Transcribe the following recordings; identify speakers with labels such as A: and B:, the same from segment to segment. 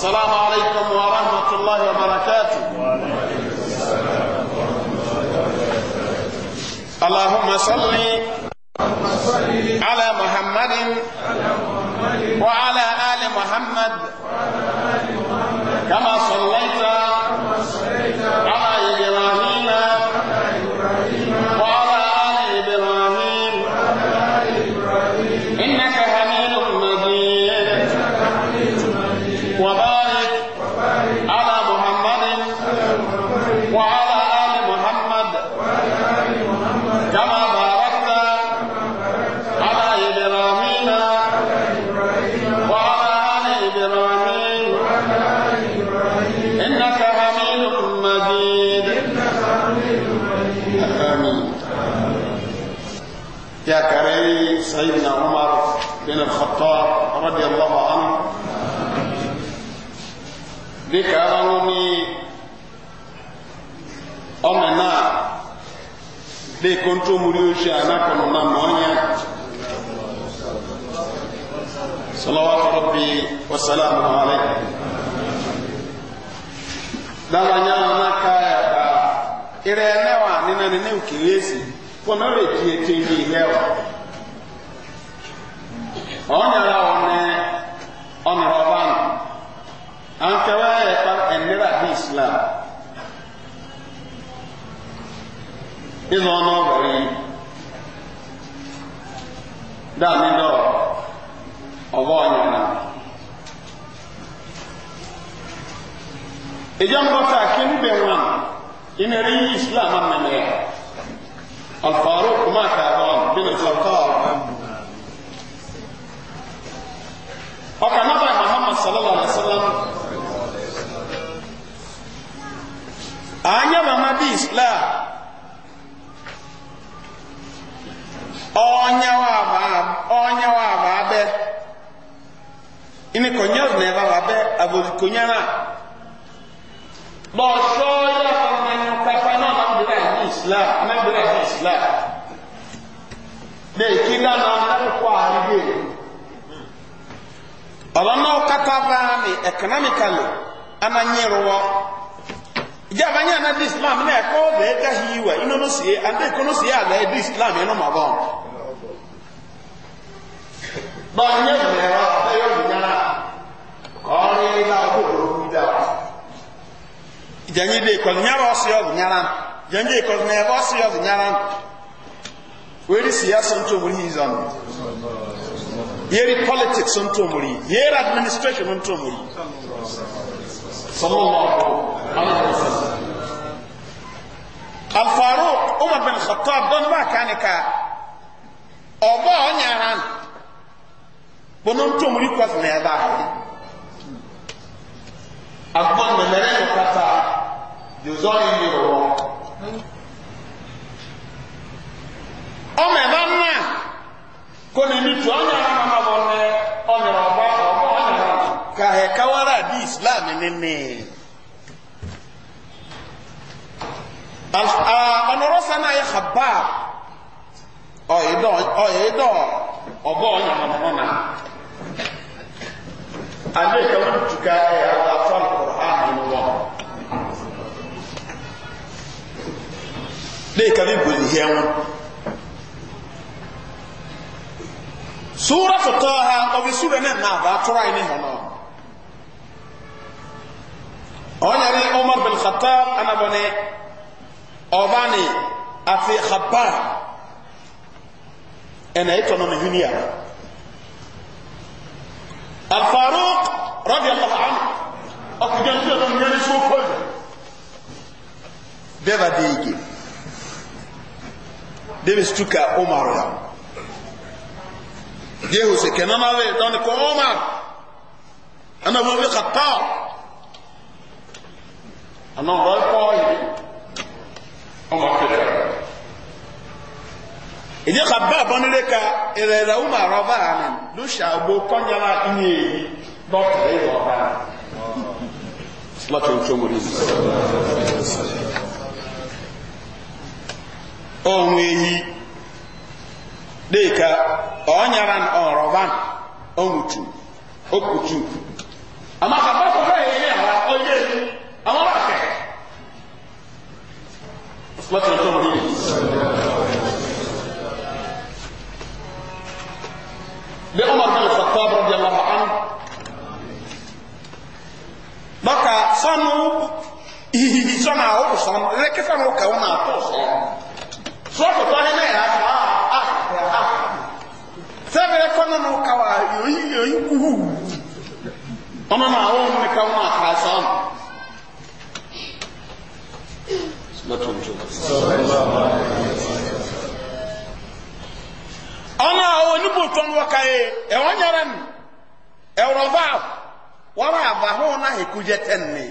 A: السلام عليكم ورحمة الله وبركاته اللهم صل على محمد وعلى آل محمد
B: كما صليت
A: tó múrí ó ṣe anákọ̀nà náà mọ́ ọ́nyá salawatu rabbi wa salamu alayhi dala nya na kaya ba ire ne wa ni na ne ukiresi ko na re ti ete ni ile wa
B: onya ra wa ne
A: onra ban an islam
B: ịzụ ọnụ ọgọrị damidọ ọba ọnyana
A: ịja mbọta aka ebe nwa ịnere ihe islam mmemme ya alfaru kuma ka abụọ bin al-khattab ọka naba muhammad sallallahu alaihi wasallam anya mama bi islam ɔnyawa abaabɛ ɛni kɔnyɛri na ɛba abaabɛ aboli konyɛra lɔsɔ yafa nanu kafa náà máa ń bẹrẹ àyè islam máa ń bẹrẹ àyè islam bẹẹ kí dáná lórúkọ àrídé ọlọ́nà kata báa mi economically ana nyere wọ ìjà àbáyé àná di islam náà ẹ̀kọ́ bẹ̀ẹ́ gáhìí wà inú ló sì é àdéhùn ló sì é àlẹ́ di islam yẹn ló mà bọ̀ báyìí ẹ̀rọ ẹ̀yọ́ ìyára kọ́ọ̀rọ̀ ilé àgbòrò ìdá ìjẹ̀yìn ilé ìkọ̀lù nyára ọ̀sì ọ̀bù nyára ìjẹ̀yìn ilé ìkọ̀lù nyára ọ̀sì ọ̀bù nyára wẹ́rì sí yá sọ́ntò mú yìí zọ́nù yẹ́rì politics sọ́ntò mú yìí yẹ́rì administration sọ́ntò mú yìí sọ́mọ́lọ́ alfaaro umar bin khattab don ba kanika ọba ọnyaran bono ntom ri na ɛba ase akoma mmɛmɛrɛ no kasa jozɔn yi wɔ ɔmɛ ɛba nna ko ne ni ɔnyɛ ma ka kawara di islam nene ɔnɔrɔ sani ayɛ ɔyɛ dɔ ɔyɛ dɔ ɔbɔ ɔnyɛ ale ka wutuka ya ba fan qur'an ni wa le ka bi buli hiyan sura fataha o bi sura na na ba tura ni hono onyari umar bin khattab ana bone obani afi khabbar ena itono ni dunia الفاروق رضي الله عنه أكجان فيه من يرسو كل ديبا ديجي ديبا ستوكا عمر يا ديهو سكنا نالي دانك عمر أنا بوبي خطاب أنا رايح قوي عمر كده ìdí ka bá ka ìrẹ̀ rẹ̀ àrọ̀ bá àmì ló ṣàgbó kọ́nyára inú èyí dọ́kítà ìwọ̀ ọ̀bá lọ́tọ̀ ìtòmù rí ohun èyí dèka ọ̀nyára ọ̀rọ̀ bá لعمر بن الخطاب رضي الله عنه بقى صنو صنع أو صنع لك صنع كونا توصل صوت طاهنا يا sẹ́fẹ̀ kọ́nà ní kàwà yóò kúhù ọmọ náà àwọn ọmọ nìkan wọn àkàṣà ọmọ
B: lọ́tọ̀ọ̀tọ̀
C: ɔna
A: ɔwɔ nipa otɔn wɔ kae ɛwɔ nyɛrɛ no ɛwɔrɔ vaav wɔrɔ avaho na ekugye tɛn ne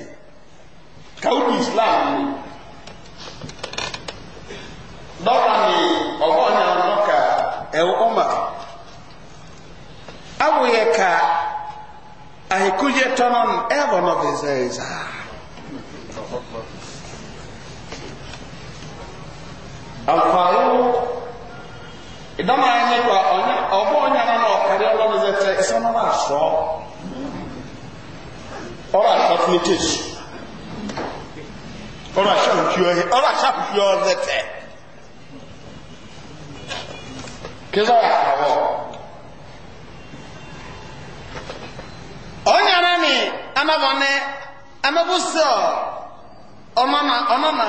A: kawo di islam dɔba ne nyɛrɛ ka ɛwɔ ɔma awo ka ahekugye tɔnɔ no no ìdáná ayé wa ọmọ ọnyàrá náà
C: ọ̀kárí ọlọ́run zẹtẹ ìsọ́nà náà
A: sọ ọrọ̀ àtọ́fúnitéjì ọrọ̀ àṣàkùfì ọ zẹtẹ
B: kíkọ́ àwọ̀
A: ọnyàrá ni anábọ̀nẹ́ anábùsọ̀ ọ̀nà ọ̀nà ọ̀nà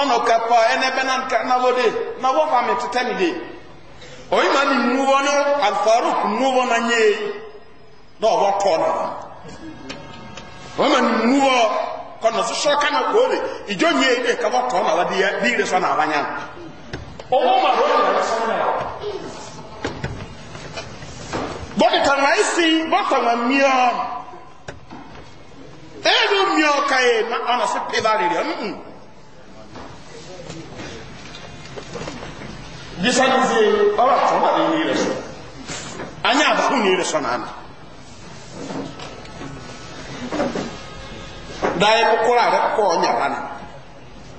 A: ọ̀nà kẹpọ̀ ẹnẹbẹ̀ náà nàbọ̀dẹ̀ nàbọ̀ fàmì títẹ́nìdẹ̀ oyi ma ni nuwo no alfaruk nuwo na nye na ọwọ tọ na oyi ma ni nuwo kọ na sọsọ ka na kọ le ijo nye ebe ka wọ tọ na wa di ya di ire sọ na abanya
B: owó ma lórí ìlànà sọ na
A: bọ́dì kan náà esi bọ́tà ma mìíràn ẹ̀ẹ́dùn mìíràn ka yẹ ọ̀nà sí pẹ́ẹ́lá rẹ̀ rẹ̀ bisanize ɔba tɔba de yi rɛ anya abahu ni rɛ so nana daye kokora rɛ kɔ ɔnya hana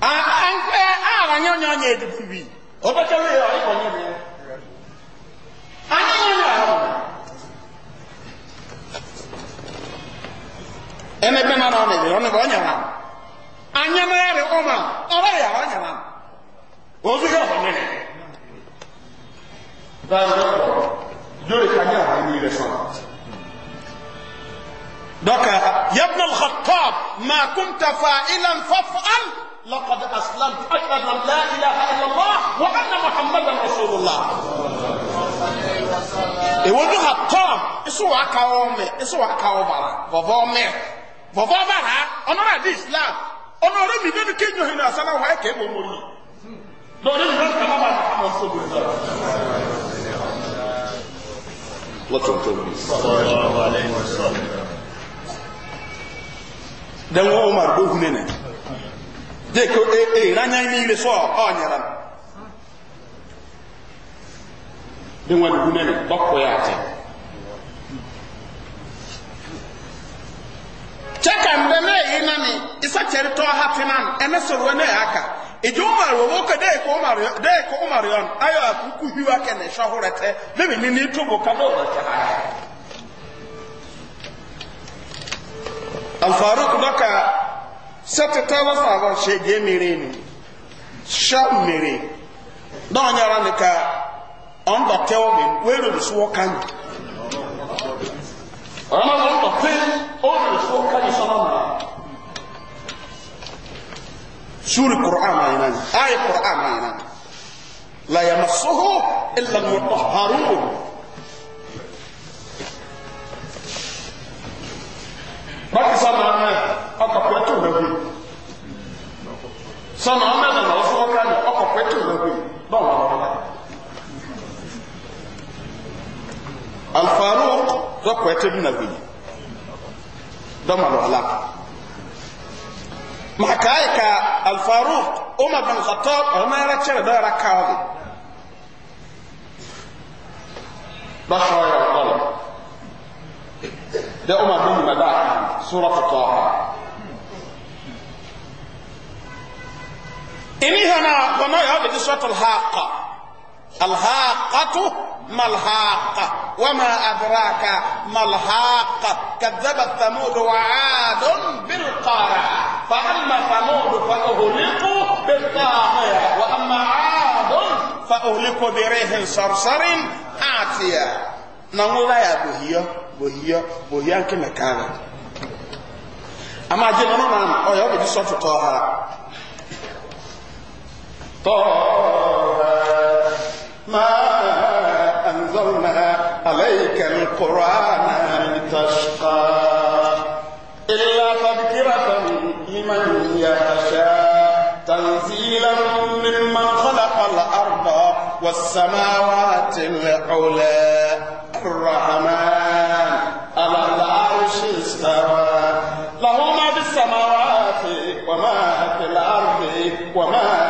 A: a a ara e, nyɛ ɔnya ɔnya edufu bi ɔbɛ kɛ wei ɔyɛ kɔ bi anya nyɛ ɔnya hana ɛnɛ bɛ nana ɔna yɛ ɔna bɛ hana anya na yɛ de ɔma ɔba yɛ hana ɔzu yɛ ɔnya hana dáadọ́pọ̀ lórí kanyẹ àwọn ẹni rẹ̀ sọ̀rọ̀. dọ́kà yabna al-khattab ma kunta fa'ilan faf'al laqad aslam ashhadu an la ilaha illallah wa anna muhammadan rasulullah. èwo ni khattab isu wa ka ọ mẹ isu wa di islam ọ̀nàrà mi bẹ́ẹ̀ ni kéèyàn yìí ní asálà wà á kẹ́ ẹ̀ bọ̀ mọ́ yìí.
B: dọ́ọ̀rẹ́ mi lọ́tọ̀ tó bí.
A: dan Omar wọ́n máa dóhun nínú dé kó ee ìrányá ní ilé sọ ọ̀nyàrá dé wọ́n dóhun nínú bọ́kọ̀ yà àti. kyɛ ka mbɛ ne ɛyi na ne isa kyɛre tɔ ha tena no ɛne soro ne ɛyɛ aka ìjọ umaru owó kẹ dẹ́ẹ̀ kọ umaru yọn ayọ àkúkú na kẹne ẹ̀ṣọ́ ahọ́rẹ́ tẹ bẹ́ẹ̀ bụ ní tóbo kadó ọ̀rọ̀ tẹ ha. alfaruk dọ́ka sẹ́tẹ̀tẹ̀ wọ́fà wọ́n ṣe jẹ́ mìíràn ni ṣá mìíràn dọ́ọ̀ nyara nìka ọ̀n bà tẹ́wọ́ wee wẹ́rẹ́ olùsọ wọ́n kàn yìí. ọ̀nà ọ̀n bà tẹ́wọ́ olùsọ wọ́n kàn سوره القرآن ما ينان ايه قران ما ينان لا يمسه الا المطهرون باقي صنعنا اكفيتو نبي صنعنا ده نوصفه كان اكفيتو نبي ده الفاروق ده كويتو نبي ده ما له محكايك الفاروق عمر بن الخطاب وما يرتشل دار كاذب بشر يا الله ده عمر بن مداح سورة طه إني هنا وما يعبد سورة الحاقة الهاقة ما الهاقة وما أدراك ما الهاقة كذبت ثمود وعاد بالقارعة فأما ثمود فأهلكوا بالطاغية وأما عاد فأهلكوا بريح صرصر آتية نقول يا بهية بهية بهية كما كان أما جينا أنا أو يا بدي صوت طه
B: طه ما أنزلنا عليك القرآن لتشقى
A: إلا تذكرة لمن يخشى تنزيلا ممن خلق الأرض والسماوات العلى الرحمن على العرش استوى له ما في السماوات وما في الأرض وما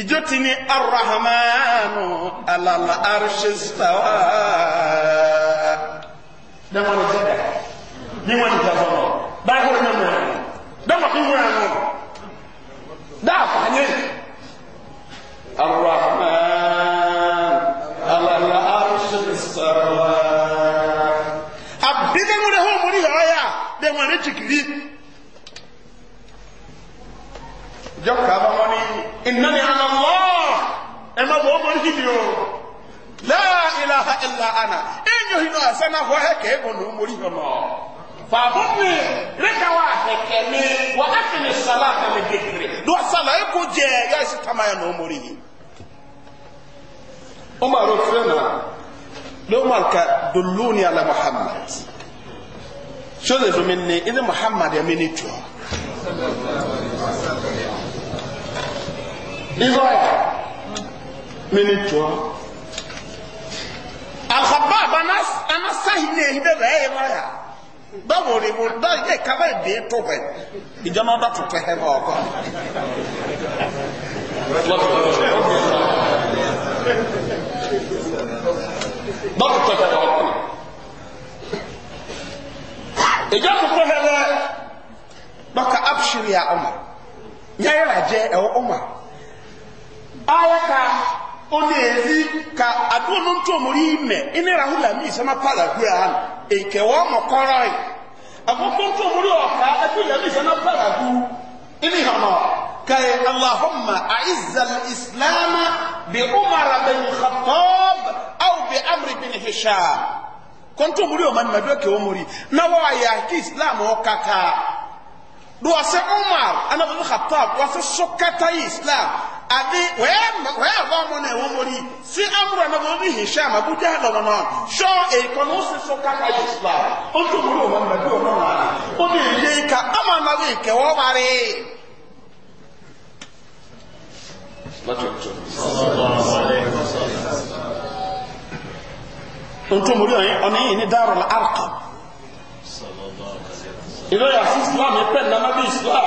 A: ìjọ ti ní arahamanu alala arshistawa dẹ́wọ̀n ní jẹ́dá ní wọ́n ti jẹ́ bọ́ọ̀ báyìí wọ́n ní mọ̀ ẹ́ dẹ́wọ̀n kí wọ́n á mọ̀. ana enyo hino asana ho heke ebo no mori hono fa munni reka wa heke ni wa akini salata le dikri do sala e ko je ya si tamaya no mori hi umar ofrena do umar ka dulluni ala muhammad shole do minni ile muhammad ya minni tu Israel, minute 12. ehin bɛ bɛɛ yɛ ma ya báwo ni mo bá yẹ kaba ìdè tó bẹ ìjọba bá tó
B: pẹhẹ bá ọkọ. bá tó pẹhẹ bá ọkọ.
A: ìjọ tó pẹhẹ bá baka abshiri ọmọ nyẹ yẹra jẹ ẹwọ ọmọ ayaka ɔne ɛzi ka aduo no ntoɔmori yi mɛ ɛne rahula mi sɛma pala gura ha no e ɛnkɛ wɔn mo kɔrɔe akoko ntoɔmori ɔka aduo mi sɛma pala gu ɛne hɔ no kae allahumma aizza alislam bi umar bin khattab aw bi amr bin hisham kɔntoɔmori ɔma no maduo kɛ ɔmori na wɔayɛ ki islam ɔkaka do ɔsɛ umar ana bin khattab wɔsɛ so kata islam ade wɛyɛ ava ɔmo na ɛwɔ mo ni si amuro na wɔn bi hihya ma bu gyaa dɔm no sɔ ekɔ na osi so kaka yi sila o tó mu ni wɔn bɛbi wɔn na o de yie ka ama na bi kɛ wɔ bare. ntomori ɔyɛ ɔne yi ni daarɔ la arka. ìlú yà sí islam yẹ pẹ́ ǹdàmà bí islam.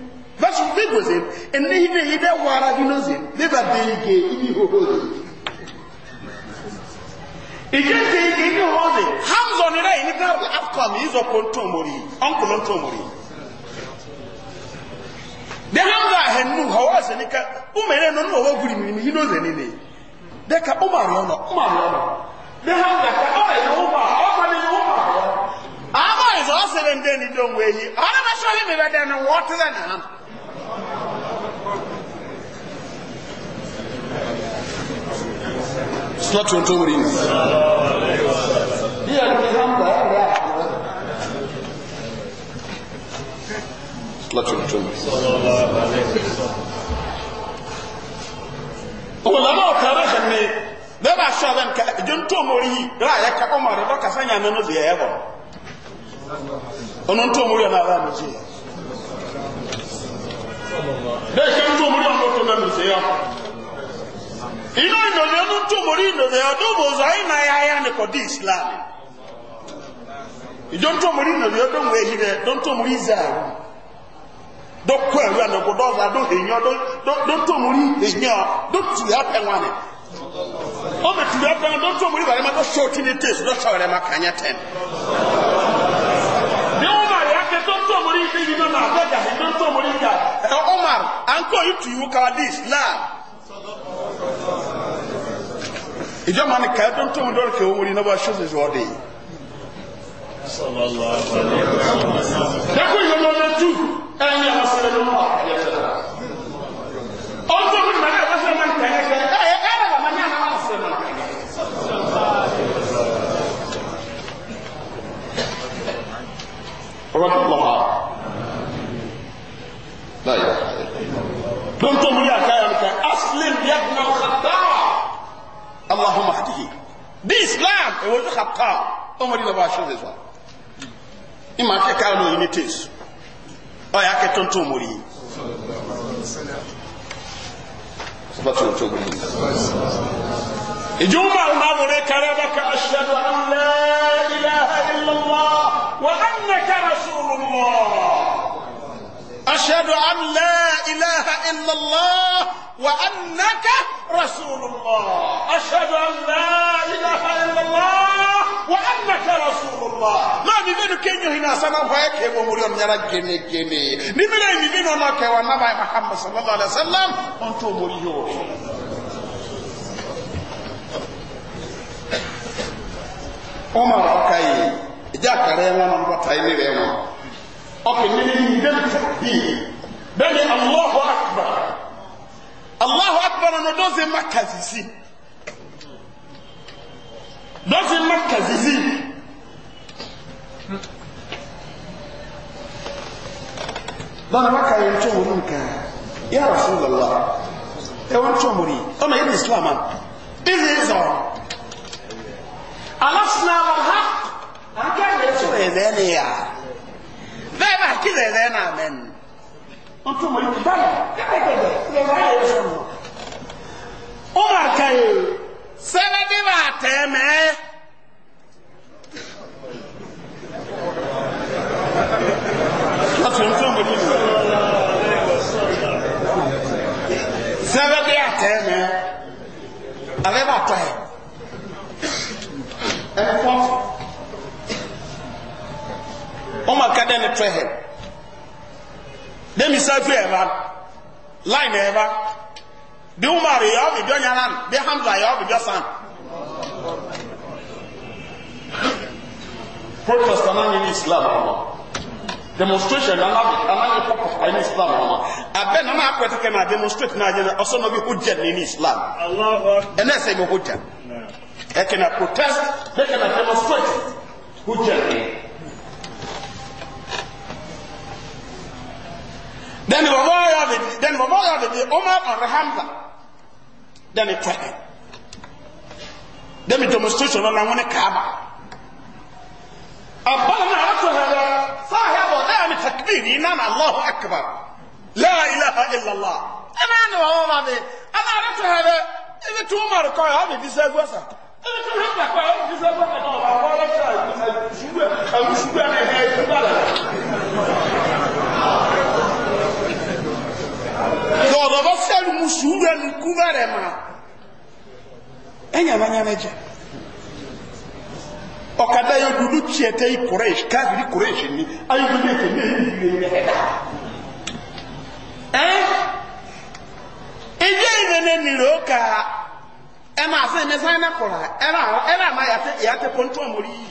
A: Verse big was him, and then he did wara he knows him. Never did eh, he get holy. Ìjẹ́ ṣe ike ní ọ̀dẹ̀, Hamzon rẹ̀ ní Dáàbù Afcon ìzọ̀pọ̀ ntòmòrì, ọ̀nkùnrin ntòmòrì. Dẹ́ Hamza ahẹ̀nu họwọ́ ẹ̀sẹ̀ ní ká, are ẹ̀rẹ́ nọ n'ọwọ́ gùrì mìíràn yìí n'ọ̀zẹ̀ nílé. Dẹ́ ka ụmụ àrẹ̀ ọ̀nà, ụmụ àrẹ̀ ọ̀nà. Dẹ́ Hamza ka ọ̀rẹ̀ yẹn ụmụ àrẹ̀ ọ̀kọ̀ ní ụmụ àrẹ̀ ọ̀nà. Àbọ̀ ìzọ̀ ọ̀sẹ̀ slọ́tù tó wùrí nì ọmọlọ́mọ ọ̀kàrẹ́ hàn ní bẹ́ẹ̀bà aṣọ àwọn nǹkan ìjọ tó mórí yìí rà yẹ ká ọmọ rẹ̀ bọ́kà sáyà nínú bí ẹ̀ bọ̀ ọ̀nà tó mórí ọ̀nà àrà mi jẹ́ bẹ́ẹ̀ ṣe ń tó mórí ọ̀nà tó náà mi yọ ina ìnọ̀nà ẹnu tó mọ̀rí ìnọ̀nà ọdún òbòzọ ìnà ayáyá ni kọ̀ dí islam ìjọ tó mọ̀rí ìnọ̀nà ọdún òwò èyí rẹ̀ dọ́n tó mọ̀rí israel dọ́kọ̀ ẹ̀rọ ànàkọ̀ dọ́ọ̀fà dọ́n èyàn dọ́n tó mọ̀rí èyàn dọ́n tù yà pẹ̀ wọn ni wọ́n bẹ̀ yà pẹ̀ wọn dọ́n tó mọ̀rí bàrẹ̀ máa dọ́ sọ́ọ̀tì ní tẹ̀sí Islam. ijo mani ka don to ndol ke wuri na ba shuzu jode
B: sallallahu alaihi wasallam da ko yo no tu
A: en ya masala no ma ya sala on to mun mara ba sai man tare ka eh eh
B: ba man ma sai man رب الله لا إله إلا الله دمتم يا
A: Allahumma hadihi bí islam èwo ojú kàtà ọmọdé lọ́wọ́ aṣọ rẹ̀ zọ ìmọ̀ akẹ́kẹ́ àwọn òyìn tèz ọ̀yà akẹ́kẹ́ tó mọ̀ yìí. ìjùmọ̀ àwọn àwòrán kárẹ́ bá ká aṣáájú àwọn ilẹ̀ ilẹ̀ ilẹ̀ wà á nà ká rasulullah. أشهد أن لا إله إلا الله وأنك رسول الله أشهد أن لا إله إلا الله وأنك رسول الله ما بيبينو كينيو هنا سنة وهيك هبو مريم نرى جيني جيني نمنا بيبينو ناك ونبع محمد صلى الله عليه وسلم أنتو مريو عمر أكاي جاكا ريما نمبر تايني ريما ọkùnrin ní ní allahu akbar allahu akbar ha ya bẹ́ẹ̀ bá kí lè rẹ́ náà mẹ́rin wọ́n tún mọ̀ yóò báyìí kẹ́kẹ́kẹ́ lè rẹ́ yẹn sọ̀rọ̀ ó mà kàyè sẹ́lẹ̀dì bá tẹ̀ mẹ́. sẹ́lẹ̀dì àtẹ̀ mẹ́ àlẹ́ bàtọ̀ ẹ̀ ẹ̀ fọ́ ɔmo aka dɛ ne tɔ hɛ dɛmi sa fi ɛva umar yɛ ɔbi bi ɔnyanan bi hamza yɛ ɔbi bi ɔsan protest ananyi ni islam ɔmo demonstration anabi ananyi protest ayi ni islam ɔmo abɛ nana akpɛtɛkɛ na demonstrate na yɛ ɔsɔ na bi hujja ni ni islam ɛnɛ sɛ bi hujja ɛkɛ na protest ɛkɛ na demonstrate hujja ni. dani bɔbɔ yɔ de di dani bɔbɔ yɔ de di ɔmɔ ɔrɛ hamza dani tɔɛ dani demonstration la ŋɔni kaaba a na ara tɔhɛ dɛ sahɛ bɔ dɛ ani takbiri nana alahu akbar la ilaha illallah ɛna ni bɔbɔ ma de ɛna ara tɔhɛ dɛ i bɛ tu umaru kɔ yɛ ɔbi disa gɔ sa i bɛ tu hamza
B: kɔ yɛ ɔbi disa gɔ sa ɔba wɔlɔ sa a wusu bɛ a
A: wusu bɛ ne hɛ su ba la. dɔɔdɔ bɛ fɛn mu suura nu kuma rɛ ma ɛnyama nyama jɛ ɔkada yɛ dudu tiɛ tɛ yi kurɛs káfiri kurɛs ni ayi dudu
B: yɛ tɛ ne yi yire yɛ ɛda ɛn
A: ìdí yɛ ne niro ka ɛ ma se ne san ne kura ɛ ma ɛ ma ma yàtɛ yàtɛ kɔntɔn mori yi.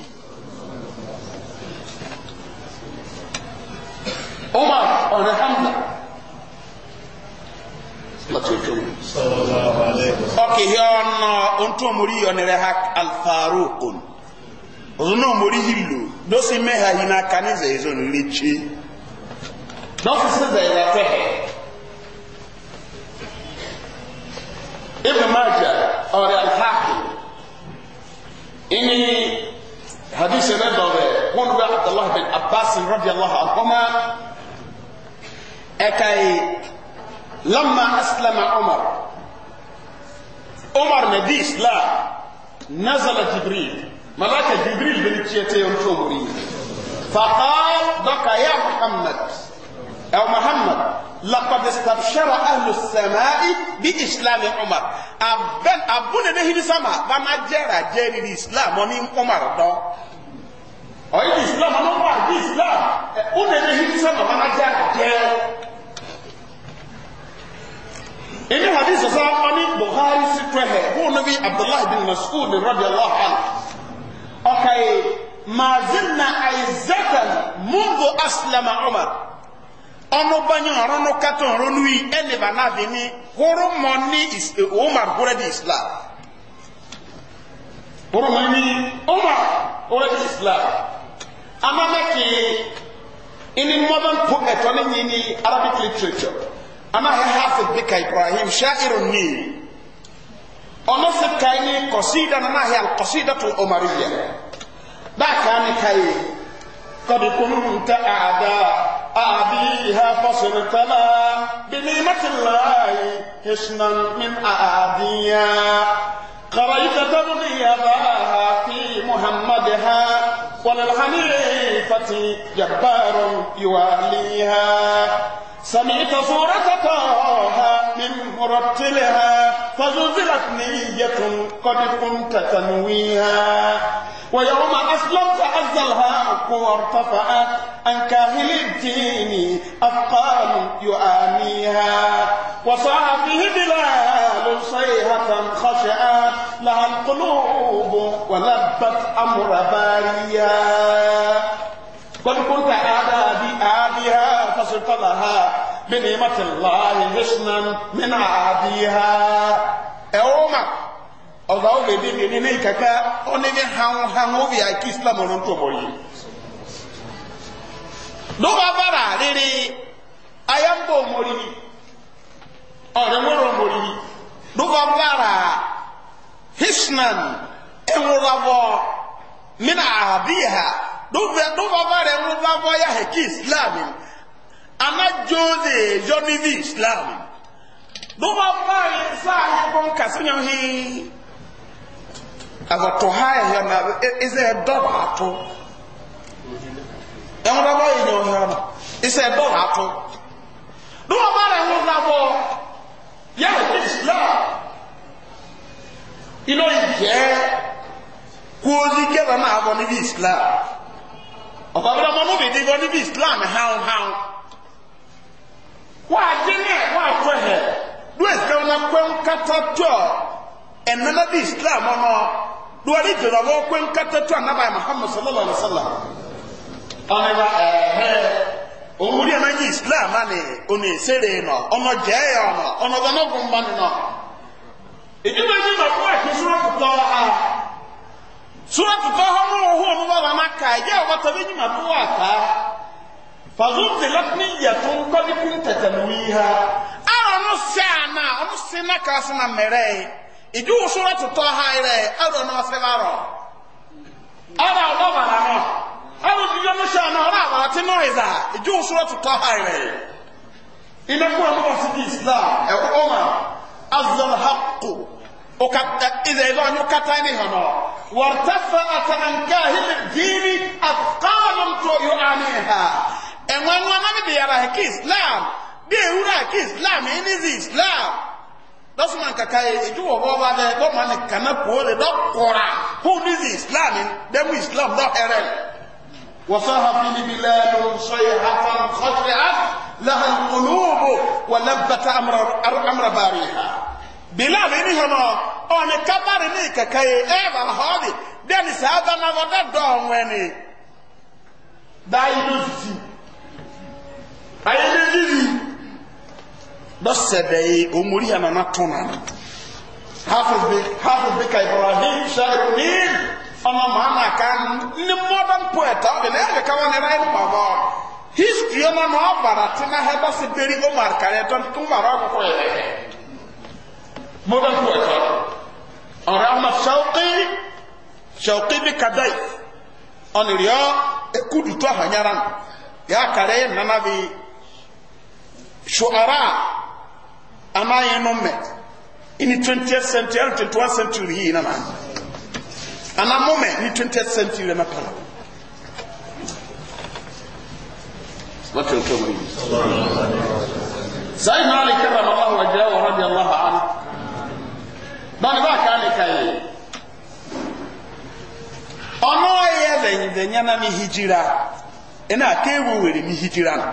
B: Omar ọ̀nà Hamza ọkè hí ọ̀nà
A: ohun omori yọ ni rehak alfarukun ọ̀nà omori yìí lò lọ́sí mẹ́ha yìí náà ká ní zẹ̀yẹ̀zọ̀ ní lè ṣe lọ́fíìsì zẹ̀yẹ̀zọ̀ fẹ́ ibn maja ọ̀rẹ́ alhaki ini hadisi rẹ̀ dọ̀rẹ̀ wọn bẹ abdullahi bin abbas radiyallahu anhu ẹ̀ka yìí لما أسلم عمر عمر ندي إسلام نزل جبريل ملاك جبريل بلتشيتين تومري فقال بك يا محمد أو محمد لقد استبشر أهل السماء بإسلام عمر أبن أبن نهي السماء بما جرى جري الإسلام ومن عمر دو
B: أي الإسلام أنا عمر الإسلام
A: أبن نهي السماء بما جرى جري ini hadisi sa ɔne buhari si tɔhɛ hɔn bi abdullahi bin mas'ud radiyallahu anhu ɔkae maazina aizatan mundu asilama umar ɔno banyɛ ɔno no kato ɔno no yi ɛne ba na bi ni horo mɔ ne umar horo di islam horo mɔ ni umar horo di islam ama mɛ kii ini modern poet ɔne nyi ni arabic literature ama ha hafi bika ibrahim sha'irun ni ɔno se kae ne kɔsida no ma he alkɔsida to omariya baka ne kae قد كنت أعداء أعديها فصرتنا بنعمة الله حسنا من أعديا قريت تبغي أباها في محمدها وللحنيفة جبار يواليها سمعت صورة طه من مرتلها فزلزلت نية قد قمت تنويها ويوم أسلمت عز الهاق وارتفع عن كاهل الدين أثقال يعانيها وصاح فيه بلال صيحة خشعة لها القلوب ولبت أمر باريها قد كنت آبي آبها فلها بنعمة الله حسنا من عاديها أوما ọ̀dọ̀ ọ̀rẹ́ bí mi nínú ìkẹ́kẹ́ ó ní ní hanwó bí i kí islam ọ̀run tó mọ̀ yìí ló bá bára rírí ayámbò mọ̀rìrì ọ̀rẹ́ mọ̀rọ̀ mọ̀rìrì ló bá bára hisnan ẹ̀wọ̀rọ̀wọ̀ mínà àbíyà anadzo de yɔnivi islam dɔwɔ fayi sáyɛ kɔn kasinyɔ hii avɔtɔ ha yɛ hɛ na ɛsɛ dɔwɔ ato ɛwọn dɔwɔ yɛ nyɔ hɛ na ɛsɛ dɔwɔ ato dɔwɔ ba yɛ hɔ nabɔ yɛ islam ilé yìí jɛ kóòlì kẹfà náà avɔ níbi islam ọ̀pọ̀ abúlé ọmọ níbi ìdíbọn níbi islam hàn hàn. wàdí ní ẹ̀wọ́ àtọ́ hẹ̀ lóò ìkẹwọn náà pẹ́ nkátá tó bí islam ọ̀nà lóòrí jọ̀rọ̀ wọ́n pẹ́ nkátá tó anábàá muhammed sallallahu alayhi eh, e wa sallam ẹ̀hẹ́ náà yí islam náà ní ọ̀nà ìṣeré nà ọ̀nà jẹ́ẹ̀yà ọ̀nà ọ̀nà ọ̀nà ọ̀gùnbá nínà. ìdílé yìí nà fún fazunzilat niyyatun qad kunta tanwiha ara no sana ono sina kasa na mere idu usura tuto haire ara no sevaro ara no bara no ara biyo no sana ara wa ti no iza idu usura tuto haire ina ko no ba sidi islam e ko ma azal haqq وكتا اذا اذا انه كتاني هنا وارتفعت عن كاهل الدين اثقال يعانيها ẹ̀wọ̀n ẹnu anábì bí yàrá ẹ̀kí islam bí ewúrẹ́ ẹ̀kí islam ẹ̀nìzì islam lọ́sùnmọ̀ nkàkà ìjú wọ̀ bọ́ bá dẹ lọ́mọ ní kànáà kó lè dọ́kọ̀ra kó nízì islam dẹ́mu islam dọ́kẹ̀rẹ̀. وصاح في بلاد صيحة خشعت لها القلوب ولبت أمر أمر باريها بلاد إني هنا أنا كبر نيك كي إبا هذه دني سابا ما بدأ دون ويني دايلوسي ayélujáfí lọ́sẹ̀dẹ̀ yìí omori yà nana tó nà hafi ka ibrahim ṣayọ ní ọmọ màánà kan ní modern poet ọdẹ ní na káwọn ní ẹgbẹ pàbọ history ọmọ náà ọbàrà tí náà hẹ bá sì bẹrí omar kàrẹ tó tó mara ọkọ yẹ modern poet ọrẹ ọmọ ṣọkí ṣọkí bí kadai ọ̀nìyàn ekudu tó àhànyára yà kàrẹ nana bíi. shu'ara anaye no me ini 20th century al 21st century hii na nani ana mume ni 20th century na pana
B: watu wa ma
A: Sayyid Ali karramallahu wajhahu radiyallahu anhu bani baka ni kai ono ye benyi benyana ni hijira ina kewu wele ni hijira na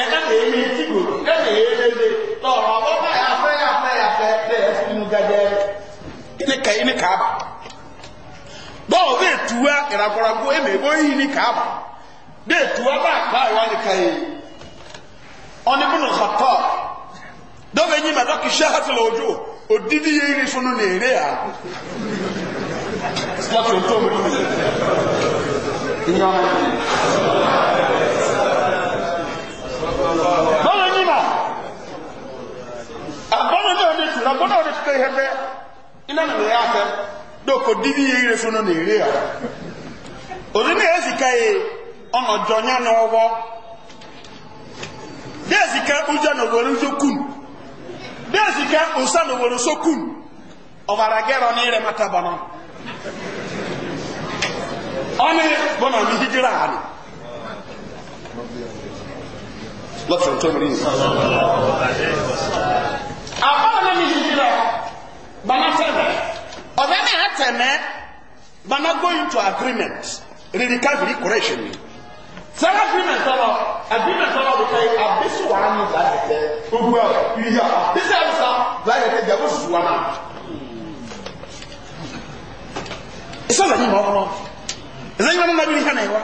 A: ẹ̀ka lè mi ti gbò ẹ̀ka lè yé léde tọ̀rọ̀ ọ̀pá yàfẹ́ yàfẹ́ yàfẹ́ bẹ́ẹ̀ fún mi gẹ́gẹ́ ilé ka ilé kaaba bọ́ọ̀ bẹ́ẹ̀ tuwa ìràgbọ́ragbó ẹ̀mẹ̀ bó yí ni kaaba bẹ́ẹ̀ tuwa bá a pa ìwà ni ka yìí ọ̀nì bùnú xatọ́ dọ́bẹ̀ yín mà dọ́kì sẹ́ hàtì lọ ojú òdìdí yé irin sunu ní èrè à
B: láti ọ̀tọ̀ mi. ọdị tụrụ agbọdọ ọdị ihe
A: ị na ya aka doko dibi ya ire sono na ere ya ori na ezika ya ọnọdụ ọnya na ọwọ dezika ụjọ na owere ụjọ kun dezika ụsa na owere ụsọ kun ọbara na ire mata ọnị
B: ahụ
A: akɔla na mi yiyi lɛ bana tɛmɛ ɔbɛ mi ha tɛmɛ bana going to agreement recovery correction ni sɛn agreement ɔlɔ agreement ɔlɔ bi kai abisi wa ni ba yɛ tɛ ogu a yi a abisi a bisa ba yɛ tɛ jago susu wa na isɔlɔ yi ma ɔkɔnɔ ɛsɛ yi ma na bi ni hɛnɛ wa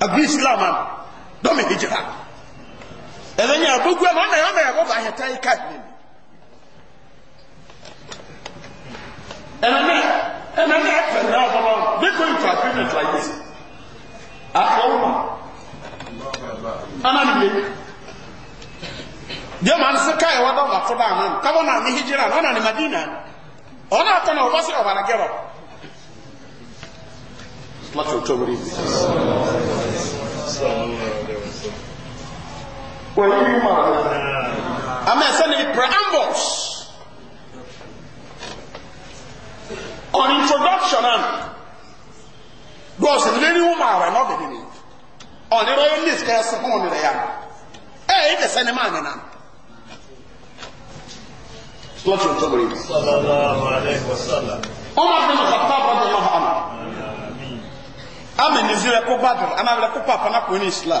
A: agri islam dɔmi hijira ɛnɛ nyɛ abogua ma ɔna yɛ ɔna yɛ abɔba ahɛta yi ka ne mi ɛnɛ mi ɛnɛ mi ɛfɛ na ɔbɔbɔ no ne ko nfa fi mi nfa yi si akɔw ma ana mi le maa nso ka yɛ wɔdɔ ɔbafo da ano kaba na ne hijira ɔna ne madina ɔna atɔ na ɔba sɛ ɔba na
B: gɛrɛ lati o tɔ wuli you wòye
A: mímọ àmì ẹsẹ ni preambles on introduction and dọ́ọ̀sì lé ní wọ́n máa rẹ̀ lọ́dọ̀ nínú ọ̀nì royal list kẹ́ ẹ sọ fún ọ̀nì rẹ̀ yá ẹ̀ ẹ̀ ẹ̀dẹ̀ sẹ́ni máa nínú. Lọ́tún tó wọlé. Ọmọ àti ọmọ sàpá àbájọ náà hàn. Àmì nìzí rẹ̀ kó I'm àmì rẹ̀ kó pàpà náà kò ní ìsìlá.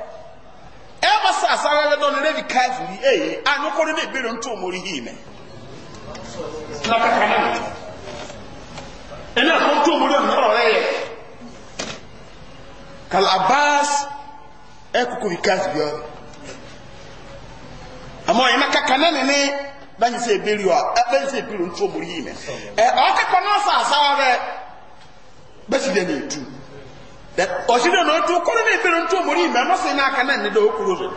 A: masa asarara dɔ nere bi kaafiri eye anyɔkɔre ne ebere nto omori hii na
B: kaka na mɛ
A: ɛna kɔ nto omori ɔmo ɔrɛ eh, yɛ eh. kalabas ɛkoko eh, bi kaafiri ɔrɛ oh. ama ɔyɛ kaka na nene bɛnyi sɛ ebere ɔ bɛnyi sɛ ebere nto omori hii na etu. ọchị dị na otu ụkọrọ na ekpere ntụ omori ime anọsị n'aka na ndịda okwuru ụzọ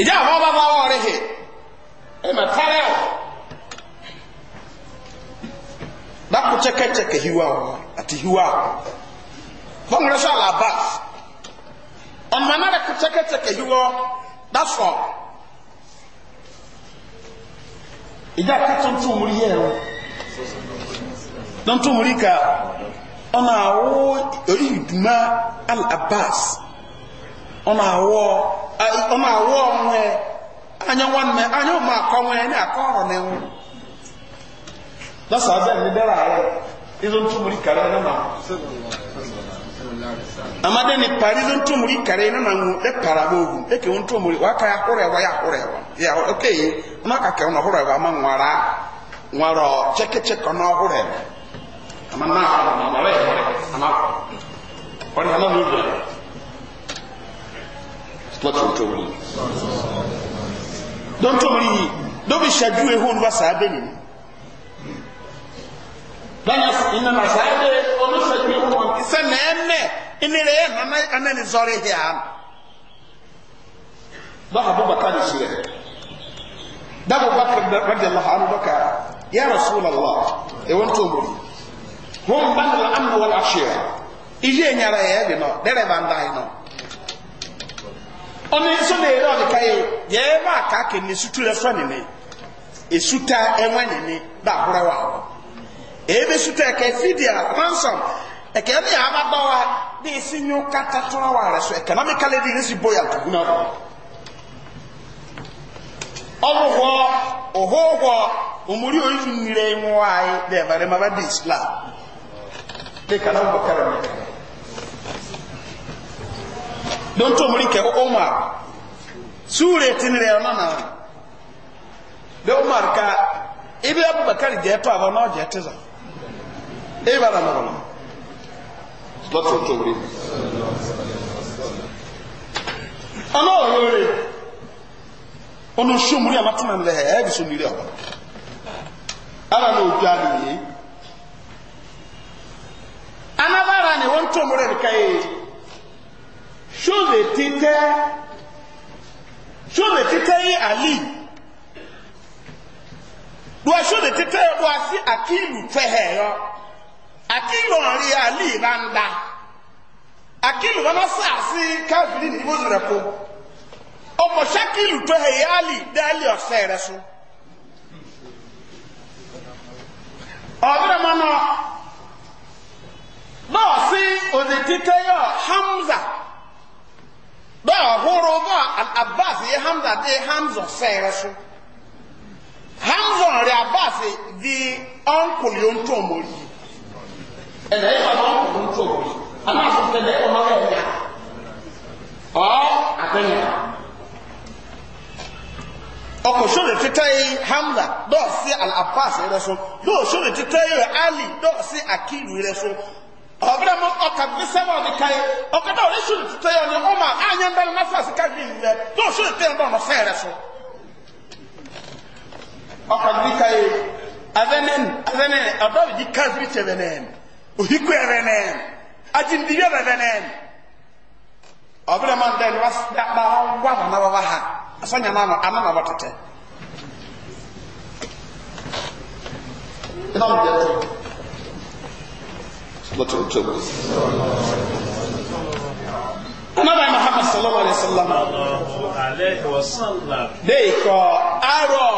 A: ije ahụ ọba ba ọrị hị ịma e karị ahụ dapụ cheke cheke hiwa ahụ ati hiwa ahụ bọngrasa ala bas ọnụmanarị kụ cheke cheke hiwa dasọ ị gaa ń tún múrí yẹrọ lọ́n tún ka ọ̀nà àwọ̀ orí ìdùnmá al-abbas ọ na ọ̀nà ọ na ẹ̀ anyanwọ́n anya anyanwọ́n mẹ́ akọ́ wọn ẹ̀ ní akọ́ ọ̀rọ̀ na wọn lọ́sàá bẹ́ẹ̀ ní bẹ́ẹ̀ amade ni parizo ntumuri kare na nangu de parabovu eke ntumuri ya hore wa ya hore wa ya okay maka ka na hore wa cheke cheke na hore na na ama na nuru don do danya ina na saade ono sadi ono kisa na ene ene le hana na ni zore he am ba abu bakar shire da abu bakar radiyallahu anhu ya rasul allah e won to muri hum bandal amn wal ashira ije nyara ye bi no dere banda ino ono so ma sutura so ni esuta enwa ebe sutu ɛkɛ fidia ransom ɛkɛ ne yɛ ababawa de esi nyo kata tora wa rɛ so economically de esi bo ya tukuna bɔ
B: ɔwɔwɔ
A: ɔhɔwɔ omori oyi nyere nwa ayi de ɛbɛrɛ ma ba de islam de kana kɛrɛ mi don to omori kɛ suure na de omar ka abubakar jɛ to n'ɔjɛ e b'a la ɲɔgɔn na lọ́tún tó wuli. ọ̀nà ọ̀rọ̀ rẹ̀ ọ̀nà sọ́mùrí àmàtúmọ̀ ńlẹ̀ ẹ̀ ẹ̀ bí sọ́mùrí ọ̀bà ara ní ojú àná yìí anabara ni wọ́n tó múrẹ̀ nìkan yìí sọ́lẹ̀ títẹ́ sọ́lẹ̀ títẹ́ yìí àlì lọ́wọ́ sọ́lẹ̀ títẹ́ yìí lọ́wọ́ sí àkílù fẹ́hẹ̀ yọ akílò rí àlè bá ń da akílò wọn sáàsì káàbìrì ní ìwọ́n rẹ̀ kó ọmọ sákìlù tó ẹ̀yà àlè dálé ọ̀sẹ̀ rẹ̀ so
B: ọ̀bẹ̀rẹ̀ mọ́ náà
A: bọ́ọ̀ sí òdì títẹ́ yọ hamza bọ́ọ̀ hóró bọ́ọ̀ abbas yẹ hamza dé hamza ọ̀sẹ̀ rẹ̀ so hamza rẹ̀ abbas di ọ̀nkùnrin tó mọ̀ yìí ɛnna ɛyɛ ba n'ɔkɔ kɔn tó o yi
B: ana asopɛ dɛ ɔno ayɛ ɛnya
A: ɔɔ abɛnya ɔkò sóri títà yìí hamza dɔɔsi alapas rẹ so dɔɔ sóri títà yìí ali dɔɔsi akiru rẹ so ɔbɛrɛ mu ɔka bisɛm a ɔde ka yi ɔkata ɔde sóri títà yìí ɔne ɔma anya mbɛrɛ nafa sika bi yi rɛ dɔɔ sóri títà yìí ɔno fɛn so ɔka bi ka yi avɛnɛn avɛnɛn ɔdɔ bi di kaziri tɛ vɛnɛn. ohiku ɛvɛnɛn agyindiwi ɛvɛvɛnɛn ɔbɛrɛ man dɛ
B: na
A: ba ha asɔnya na na ha anabai muhammad sallallahu alaihi wasallam de kɔ arɔ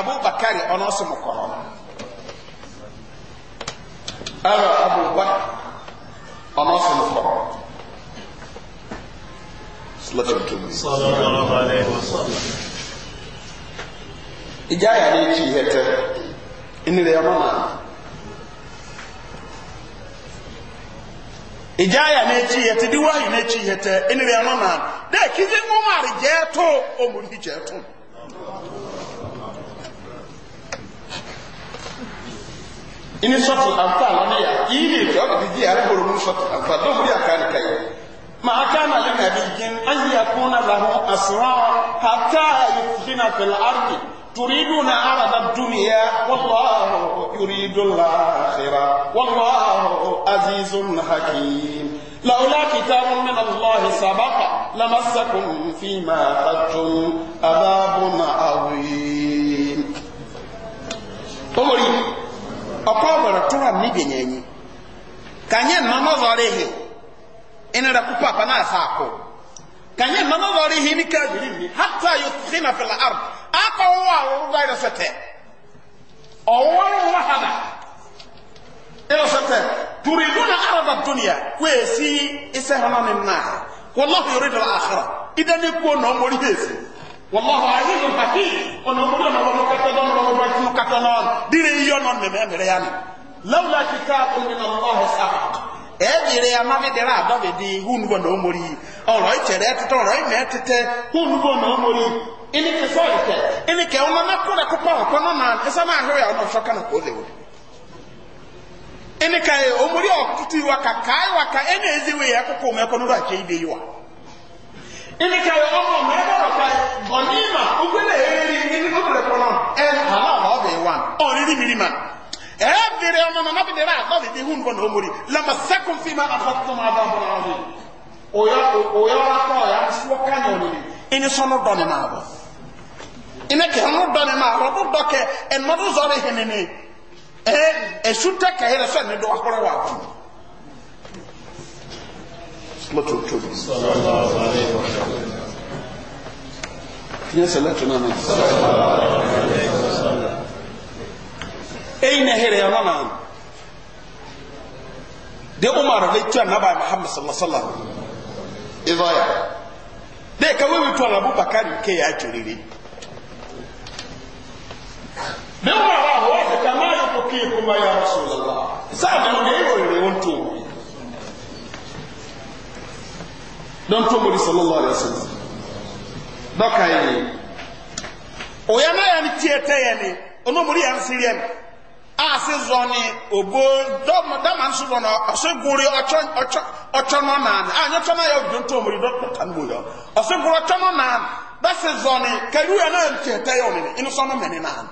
A: abubakar ara abubakar ọmọ sọmọ fọ
B: sọlọtọ tó mi.
A: ìjà yà ni ekyi yẹ tẹ ẹnìrẹ ọmọ náà. ijaya n'ekyi yɛte de wayi n'ekyi yɛte ɛnere ano na dɛ kizi ŋmari gye to omu ni gye to. ini sɔtil anfal ɔni ya iye ke ɔdi bi di yare bolo mu sɔtil anfal dɔw bi aka ni kayi ma aka na le na bi jin an yi akuna lahu asrar hatta yufina fil ardi turiduna arada dunya wallahu yuridu al-akhirah wallahu azizun hakim لولا كتاب من الله سبق لمسكم فيما أخذتم byenyenyi kanye mama varehe inara kupapa na sako kanye mama varehe ni kabiri ni hatta yuthina fil ard aka wa ruba ila sate awon wahada ila sate turiduna arada dunya kwesi isehana minna wallahu yuridu al akhirah idan ko no mori hesi wallahu azizun hakim ono mo no mo katadon mo katadon dire yonon me me re yana lawla kitabu min allah sabaq ẹ̀ẹ́dìrẹ́ e amábídẹ́rẹ́ àdọ́bìdì húnúbọ̀ náà mórí ọ̀rọ̀ ìtẹ̀rẹ́ títọ́ ọ̀rọ̀ ìmẹ̀ títẹ́ húnúbọ̀ náà mórí ẹni kì sọ ìtẹ̀ ẹni kì ọmọ náà kúrẹ̀ kúpọ̀ ọ̀pọ̀ náà máa ẹsẹ̀ máa ọ̀nà kó ẹni kà ẹ ọ̀tútù kà ẹni wẹ̀ yẹ kókó yìí ẹni kà ɛɛbere ɔno na nabedere aba dede hu nbɔ na ɔmɔri lamasakum fima akhadtum adabun azim oyɔ oyɔ akɔ ɔyɔ asoɔ kanya ɔnene ɛne sɔ no dɔ ne ma abɔ ɛne kɛ ɔno dɔ ne ma abɔ ɔdo dɔ kɛ ɛnɔ do zɔre henene ɛɛ ɛsu tɛ kɛyɛ dɛ sɛ ne do akɔrɔ wɔ akɔ
B: lɔtɔ tobi fiɲɛ sɛlɛ tuna na.
A: na here ya nanan de umar na twa na muhammad sallallahu alaihi wasallam de ka na nke ya choriri
B: de umar ba ah,
A: ka kuma ya rasulullah wonto don to sallallahu alaihi wasallam dokai oyana ya ni ya ni ono ya asị zọni ogbo dama nsọ zọni ọsị gwuri ọchọ nọ naanị anyị ọchọ ya ọdụ ntụ omori dọkịta n'ugbo ya ọsị gwuri na nọ naanị dasị zọni kedu ya na ntị ete ya ọnịnị ịnụ sọ mụmịnị naanị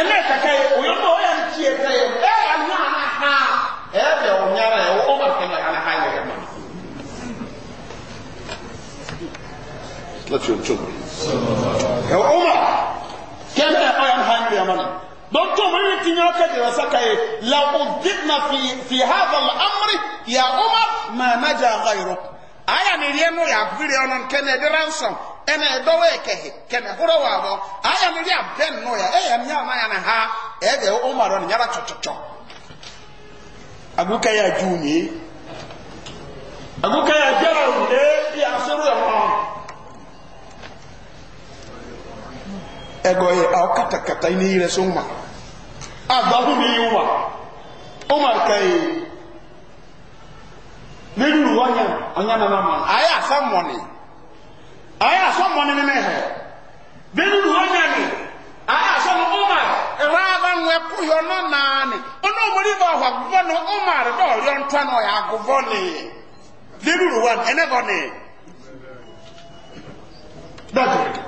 A: ẹnẹ kaka yi oyè ọmọ ọyà ntị ete ya e, ẹ yà nwa ana ha ẹ e, bẹ ọnyara ya ọmọ nkanya ana ha yẹ ẹma.
B: lati o ntụ omori
A: ọmọ kẹmẹ ha náà. دونتو من تنيو كدر سكاي لو أذبنا في, في هذا الأمر يا عمر ما نجا غيرك aya ne rie no ya vire ono kene de ransom ene edowe ekehe kene horo wa bo aya ne rie ben no ya e ya mi ama ya na ha eh, e de umar on nyara chochocho aguka ya juni aguka ya jaru e bi aso ɛgɔye awo katakata ne yɛrɛ so ma azahu ne yi wa ɔma kɛyi ne nuru wanya ɔnya nana ma ayɛ asa mɔni ayɛ asa mɔni ne ne hɛ ne nuru wanya ni ayɛ asa mɔ ɔma ɛrɛba ŋwɛ kuyɔ nɔ naani ɔna omori ba ɔhɔ aguvɔ ni ɔma rɛ dɔ ɔyɔ ntɔ na ɔyɛ ni ne nuru wanya ɛnɛ ni dɔtɔ.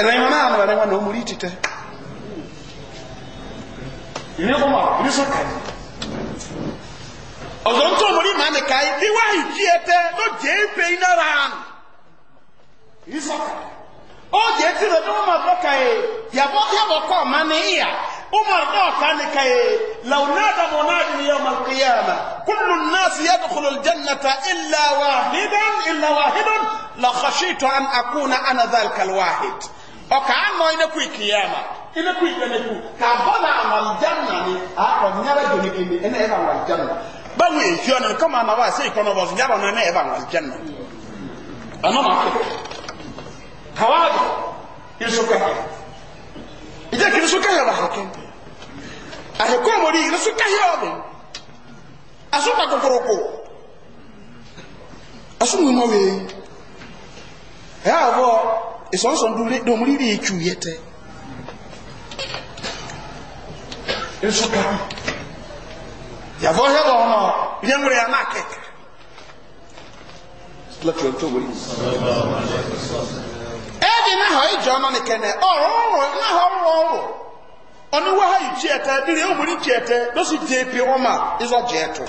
A: ẹ̀rẹ̀yìn náà mọ̀ ẹ̀rẹ̀yìn náà mọ̀ rí títẹ́ ọ̀zọ̀ ń tó mọ̀ rí màmì káyí bí wá ìjí ẹtẹ́ ló jẹ́ ìpè iná ra ó jẹ́ tí rẹ̀ tó mọ̀ tó káyé yàbọ̀ yàbọ̀ kọ́ ọ̀ma ní ìyà ó mọ̀ tó ọ̀ka ní káyé làwùnà dàbọ̀ náà di yọ̀ mọ̀ kéyàmà kúlù náà sì yẹ́ dùkúlù jẹ́nata ìlà wàhídán ìlà wàhídán lọ́kọ̀ṣìtò àkúnà ànàdàl kàlwàhíd. ọka anọ ina kui kiyama ina kui kana ku ka bọla amal janna ni akọ nyara joni kimi ina eba wal janna bawo e fi ona kama na wa sei kono bo nyara na na eba wal janna ana ma kawaji isuka ije ki isuka ya ba hakin ahe ko mori isuka ya obi asuka kokoroko asu mu mo we ya bo ìsọ́nsọ̀n dùn rírì ìkú yẹ tẹ́ ìsúká yàfọ́ hẹ́lọ ọ̀nà yẹ́mùrẹ̀ yà náà kẹ́kẹ́
B: lọ́tọ̀ tó wọlé
A: ẹ̀dì náà hàn ìjọ ọmọ nìkẹ́nẹ̀ ọ̀rọ̀ ọ̀rọ̀ náà ọ̀rọ̀ ọ̀rọ̀ ọ̀nìwọ̀ ha ìjì ẹ̀tẹ́ bírí ọmọdé jì ẹ̀tẹ́ ló sì jẹ́ epi ọmọ ìzọ́ jẹ́ ẹ̀tọ́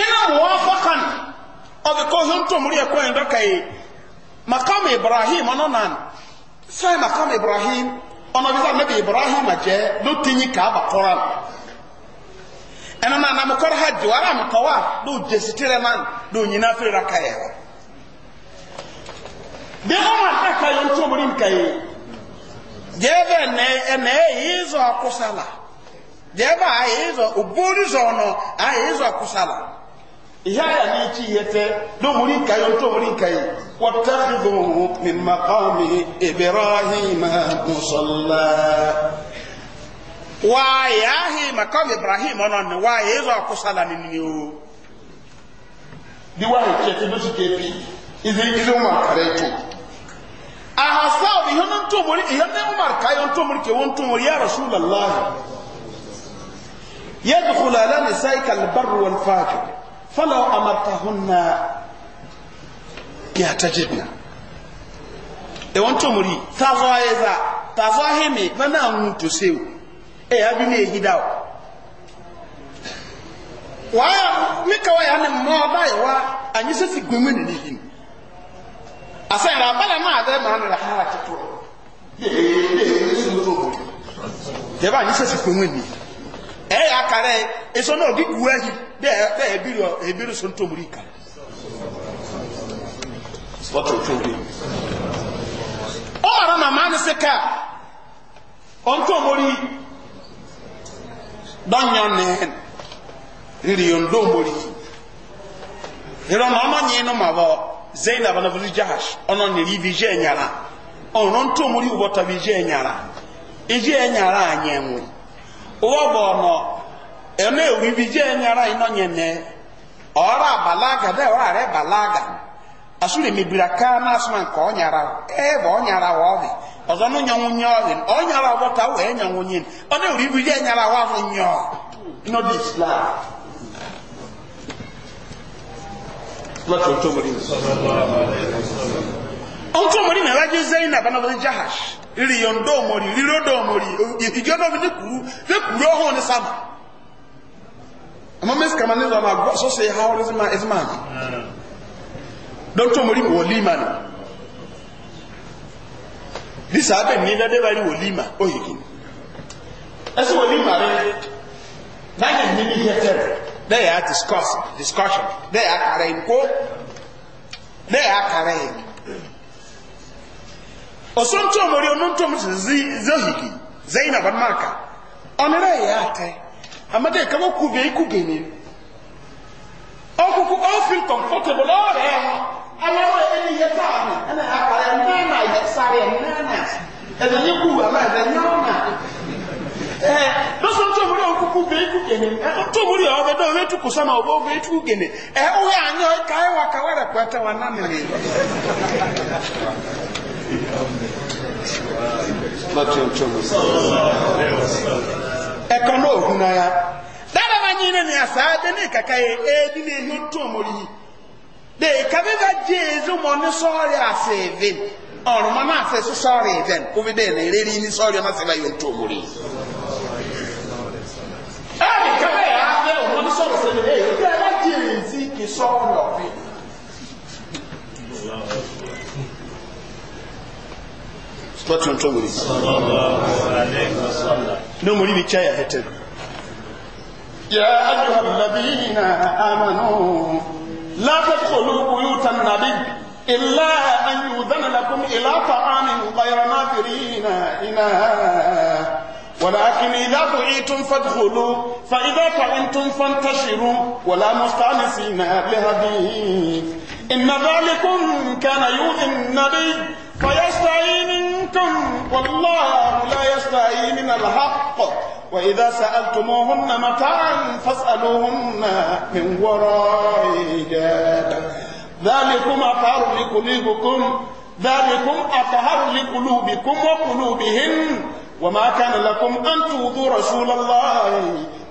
A: iná wọ́n fọ́kànnì ọbẹ kọ hin tó múlẹ kọ hin dọkà yìí makamu ibrahim ọ̀nà nàn sẹ́yìn makamu ibrahim ọ̀nà bí sáà nàbí ibrahim àjẹ́ ló ti yin kàába kọ́ra ẹnu nàn àmì kọ́ra ha jù ara mi tọ́wà ló jẹ̀sí tirẹ̀ nàn ló nyiná fèrè ra kàyà rẹ̀ bí ọmọ àti ẹ̀ka tó múlẹ kà yìí jẹ́ bẹ́ẹ̀ nẹ́ ẹ̀ nẹ́ yìí zọ akọ́sálà jẹ́ bẹ́ẹ̀ àyè zọ òbórí zọ ọ̀nà ihaya n'iki yete n'omuri nkayo nt'omuri nkayo watakhidhuhu min maqami ibrahima musalla waayahi maqami ibrahim ononne waayeeza okusala ninio diwahikete nosikepi izomakaretu ahasawo ihono ntomori ihone umarkayo ntomori kewo ntomori ya rasulallahi yadkhulu ala nisaika albarru walfajiri فلو أمرتهن يهتجبن ewon to muri tazo eza tazo hemi bana ntu sew e abi ne hida wa mika wa ya ne mo ba ya wa anyi se fi gwemu hin asa ra bala ma ade ma ne ha ha ti
B: de de su lo
A: de ba anyi se fi gwemu ɛyɛ akara yi e, esɔ na ɔdi guwa yi ebiri ɔ ebiri so ntomori ghara na maa ni ka ọ dɔnyɔ nɛɛn riri ɔntomori yɛrɛ ɔmɔ nyi no ma bɔ na bulu jahash ɔnɔ niri bi jɛ nyara ɔnɔ ntomori ụwa bụ ọnọ ene ewuribi je enyara ino nyene ọra balaga de ọra re balaga asụrụ emebiri aka na asụma nke ọnyara ebe ọnyara wa ọdị ọzọ na ụnyanwụ nye ọdị ọnyara ọgbọta wee nyanwụ nye ọ na-ewuribi je enyara wa azụ nyọọ n'ọdị islam
B: láti ohun tó mọ̀rí nìyẹn.
A: ohun tó mọ̀rí jahash iriyondo omori rirodo omori igyondo bi nikuru te kuru oho ni sama amma meska man nizo ma so say how is my is man don to omori woli man this happen ni na de bari woli man o yiki aso woli man re na ni ni ni yeter they are discuss discussion they are kare ko they are ọsọntọ ọmọdé ọmọntọ ọmọ zehigi zeyina bamaka ọnara ẹyẹ atẹ amadi ẹkẹwọ kube iku gẹnẹ ọkùnkùn ọfìn kọmfọtẹbù lọrẹ aláwọ ẹni yẹ
B: sáàmì ẹnna àkàrà ẹnna náà yẹ sáré ẹnna náà
A: ẹnna yẹ kú wà náà ẹnna náà ẹ lọsọntọ ọmọdé ọkùnkùn kube iku gẹnẹ ọtọ ọmọdé ọbẹ dọ ọbẹ tukù sọmọ ọbẹ ọbẹ tukù gẹnẹ ẹ ọwọ ànyọ káyọ wà káwárẹ pẹtẹ wà ɛkɔ no ohu na ya dada ma nyi ne ne asaa de ne kaka yɛ ebi ne ehu to ɔmo yi de kabe ba gye ezu mo ne sɔɔre ase eve ɔroma na ase so sɔɔre eve kobi de ne ereri ne sɔɔre na se ba yɛ to ɔmo yi ɛni kabe yɛ ase ɔmo ne sɔɔre se ne eyi de ɛna gye ezi ke sɔɔre ɔfi. lọ́tí ohun tó wùrí ní omori bí kí a yà hẹ́tẹ̀ yà ájúhà nàbí na àmànà látàkọlù buyúta nàbí ilá àyù dánilakún ìlàtà àmìn bayra náfìrí na iná ولكن إذا دعيتم فادخلوا فإذا طعنتم فانتشروا ولا مستانسين لهديه إن ذلكم كان يؤذي النبي فيستعي منكم والله لا يستعي من الحق وإذا سألتموهن متاعا فاسألوهن من وراء حجاب ذلكم أطهر لقلوبكم ذلكم أطهر لقلوبكم وقلوبهن وما كان لكم أن تؤذوا رسول الله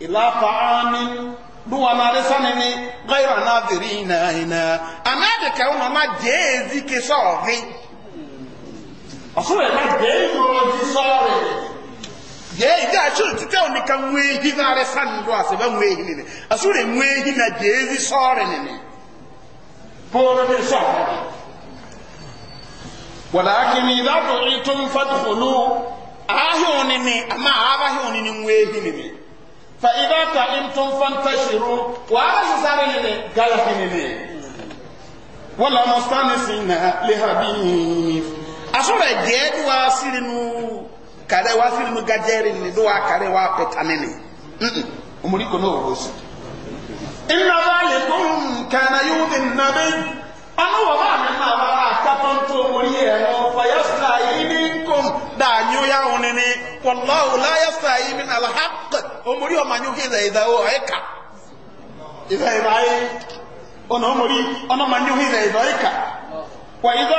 A: ila ta'amin duwa na resa ni ni gaira na na ina anade ka na ma jezi ke so vi aso e ma de no di so re ye ga chu ti ka na arịsa ni do ase ba na jezi ولكن إذا دعيتم فادخلوا أما فإذا تعلمتم فانتشروا وهذا يزال لنا قال حنيني ولا مستانسين لحديث أصول الجيد واسرنو kare wa filimu gajeri ni do wa kare wa petanini umuri kono rosi inna dhalikum kana yudin nabiy ọ̀nà wọ̀ bá mi máa wá àkàtọ̀ tó orí ẹ̀rọ fàyàsà yìí ní nkùn dààyò yà wọn ni wọláwò láyàsà yìí ní alhaq omori ọmọ anyi òkè ìdá ìdá ọ̀ẹ́ka ìdá ìdá ayé ọ̀nà omori ọ̀nà ọmọ anyi òkè ìdá ìdá ọ̀ẹ́ka وإذا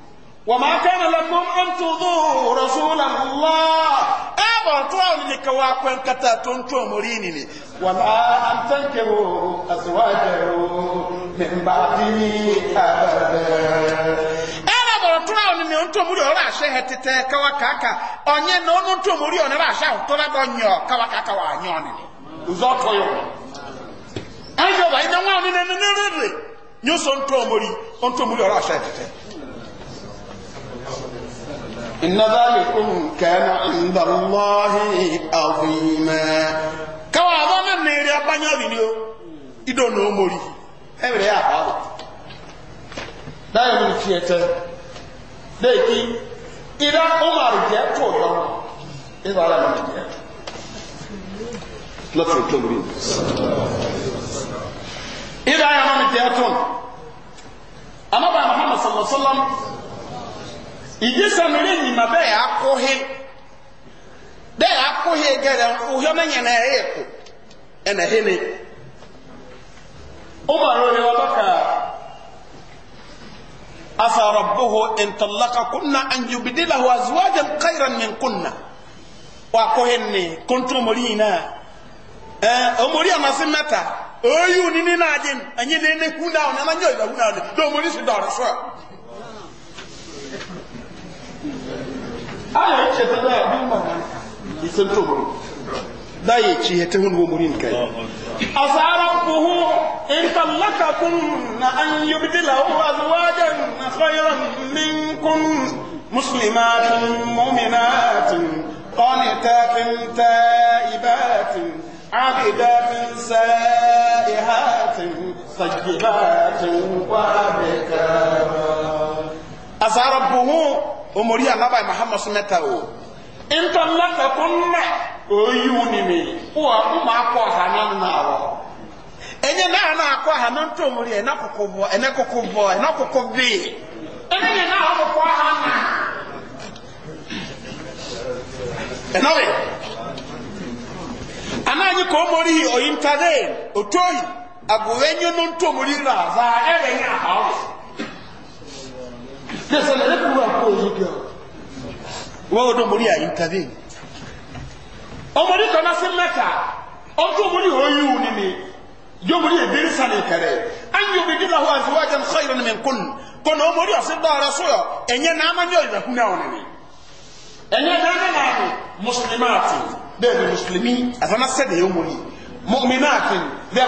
A: وما كان لكم أن تضوا رسول الله أبا طول لك واقوان كتا تنتو مرينني ولا أن تنكروا أزواجه من بعده أبدا ọ̀rọ̀ tó rà ọ̀nà ọ̀ntò mórí ọ̀rọ̀ àṣẹ ẹ̀ tẹ̀tẹ̀ káwakáka ọ̀nyẹ́ na ọ̀nà ọ̀ntò mórí ọ̀nà àṣẹ àwòtọ́lá bọ̀ nyọ̀ káwakáka wà nyọ̀ ni ọ̀zọ́ ọ̀tọ̀ yọ̀ ẹ̀yọ̀ wà ẹ̀yọ̀ wà ọ̀nà ẹ̀nẹ́rẹ̀rẹ̀ nyọ̀ sọ̀ ọ̀ntò mórí ọ̀ntò mórí ọ̀rọ̀ àṣẹ ẹ̀ إن ذلكم كان عند الله عظيما كوا ظن نيري أبانيا بنيو إدو نوموري أمري يا أبا لا يمكن فيتا لكن إذا عمر جاءت وجمع إذا لم يجاءت
B: لفظ تمرين
A: إذا يمام جاءت أما محمد صلى الله عليه وسلم ìdísọ mi lé nyìmá bẹ́ẹ̀ akóhe bẹ́ẹ̀ akóhe gẹ̀rẹ́ òhìọ́ mi nyìnà ẹ̀ yẹ kó ẹ̀nà hẹ́ mi.
B: umar oye wa baka
A: asa rabbuhu intalaka kunna an yubdilahu azwajan khayran min kunna wa akóhe ni kuntu mori yìí náà ẹ omori amasi mẹta oyi onini náà jẹ ẹyin ní ní hu náà ọ̀nà ẹ̀ ń yọ ìgbà aya ce ta da abin mana ki san to bari da ya ce ya ta hun wo murin kai asarabuhu in tallaqakum an yubdilahu azwajan khayran minkum مسلمات مؤمنات قانتات تائبات عابدات سائحات
B: طيبات وابكارات
A: asara buhu omori alaba e muhammad sumeta o ntanlaka kunna oyi nimi wa mma akɔ hanan na awɔ enye naa na akɔ na tó omori ɛna koko bɔ ɛna koko bɔ ɛna koko bee
B: ɛna nye naa ɔmo kɔ hanan ɛna wɛ
A: anaanyi ka omori oyintare otoyi agowenyo no ntó omori raza ɛrɛ e nye ahawɔ. lẹ́sẹ̀lẹ̀ lẹ́kùnrin àpò òyìnbí ọ̀ wọ́n odò mórí à intervene ọmọdé kan náà sí mẹ́ta ọdún mórí òyìn òní ni yóò mórí èbèrè sani kẹrẹ ayé omi dídá hó àti wájà ń sọyìn ní mẹ́kún kọ́nà ọmọdé ọ̀sẹ̀ dọ́ọ̀rẹ́ sọ̀yọ̀ ẹ̀yẹ náà má ní ọ̀yẹ̀ kún náà òní ni ẹ̀yẹ náà náà ni mùsùlùmáàtì bẹ́ẹ̀ ni mùsùlùmí àtàná sẹ́dẹ̀ yóò mórí mùmínáàtì bẹ́ẹ̀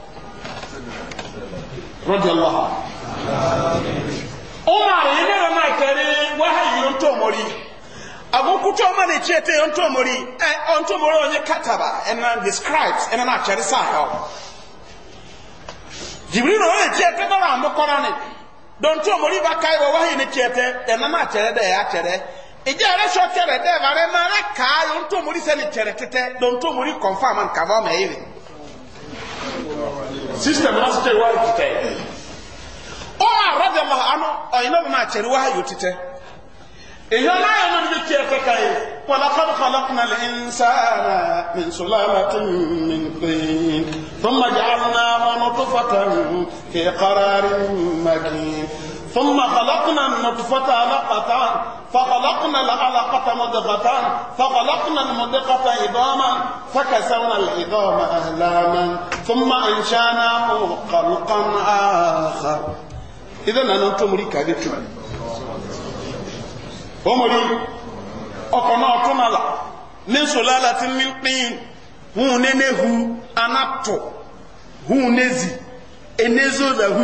A: radiyallahu anhu umar yene ro ma kere wa hayu nto mori agokuto ma ne chete nto mori eh nto mori onye kataba and then describes and na chere sa ha jibril onye chete do ra mokora ne don nto mori ba kai wa hayu ne chete and na chere de ya chere ìjẹ́ ẹ̀rẹ́ sọ tẹ̀rẹ̀ dẹ́ máa rẹ̀ ká ló ń tó mórí sẹ́ni tẹ̀rẹ̀ tẹ́tẹ́ ló
B: ń system na sitɛ wa titɛ
A: ɔmar raja ma ano ɔyina bɛ na kyɛri wa yɛ titɛ ìyá náà yẹn náà bi tiɛ kɛkɛ yi wàlá kọ́ni kọ́lọ́kùnà lè ń sára min sùlámà tó min kéyìn tó ma jẹ́ àwọn náà wọn tó fata kí kọ́ra rí ma kéyìn. ثم خلقنا النطفة علقة فَخَلَقْنَا العلقة مضغة فخلقنا المضغة عظاما فكسرنا العظام أهلاما ثم أنشأناه خلقا آخر إذا أنا أنتم ريكا بيتشوان أمري أقنا أقنا لا من سلالة من قين هو ننهو أنبتو هو نزي enezo da hu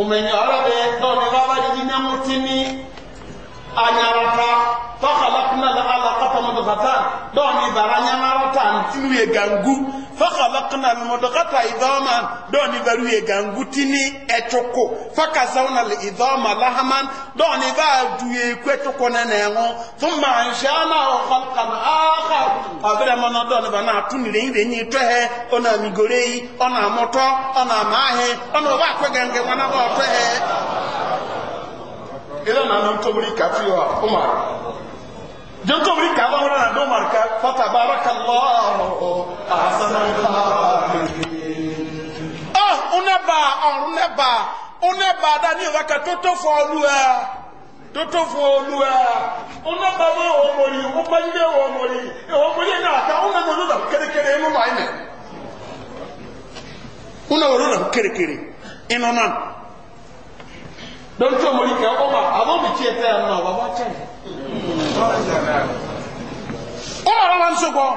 A: umenye ɔrɔ bɛ dɔɔni baba de di nyamu tini anyarata fakhalaqna alaqata mudghatan doni bara anyarata ntinuye gangu fakhalaqna almudghata ni doni baruye gangu tini etoko fakazawna alidhama lahaman doni ba duye kwetoko nenengo thumma anshana khalqan
B: akhar
A: abira mono doni bana tunire ire nyi tohe ona migorei ona moto ona mahe ona ba kwegange wana ba tohe ila na na ntomri ka fi wa umar je ntomri ka ba na do umar ka fa tabarakallahu
B: ahsanal khaliqin
C: ah
A: unaba ah, unaba unaba da ni wa ka toto fo olua toto fo olua unaba ma o mori o pa ni o mori o mori na ka una mo da kere kere mo mai ne una ro na kere kere ino na don tí o mọ̀ yìí kẹ́ ọ́ ma àbọ̀ mi tiẹ̀ tẹ́ ẹ̀ nù náà bàbá tẹ̀. ó lọ́ọ́ lọ́wọ́ nsọ gbọ́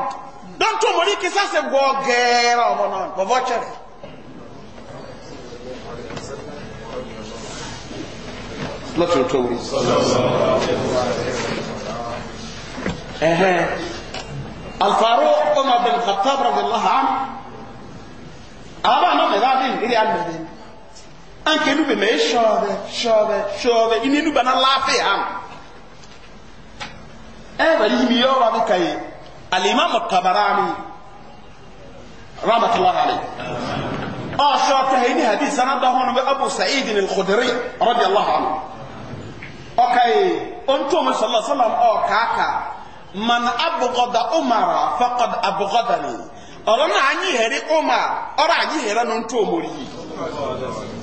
A: don tí o mọ̀ yìí kẹ́ sẹ́sẹ̀ gbọ́ gẹ́ẹ́rẹ́ ọmọ náà bàbá tẹ̀. lọ́tún tó wí. الفاروق عمر بن الخطاب رضي الله عنه أبا نمي غادين إلي المدينة anke nu be me shove
B: shove
A: shove ini nu bana lafi ham e lì mi yo wa kai al imam tabarani rahmatullah alayhi o shota hini hadith da hono be abu sa'id al khudri radiyallahu anhu o kai onto mu sallallahu sallam, wasallam kaka من أبغض umara فقد أبغضني ọ̀rọ̀ náà هري hẹ̀rí umar ọ̀rọ̀ هري hẹ̀rẹ́
B: nu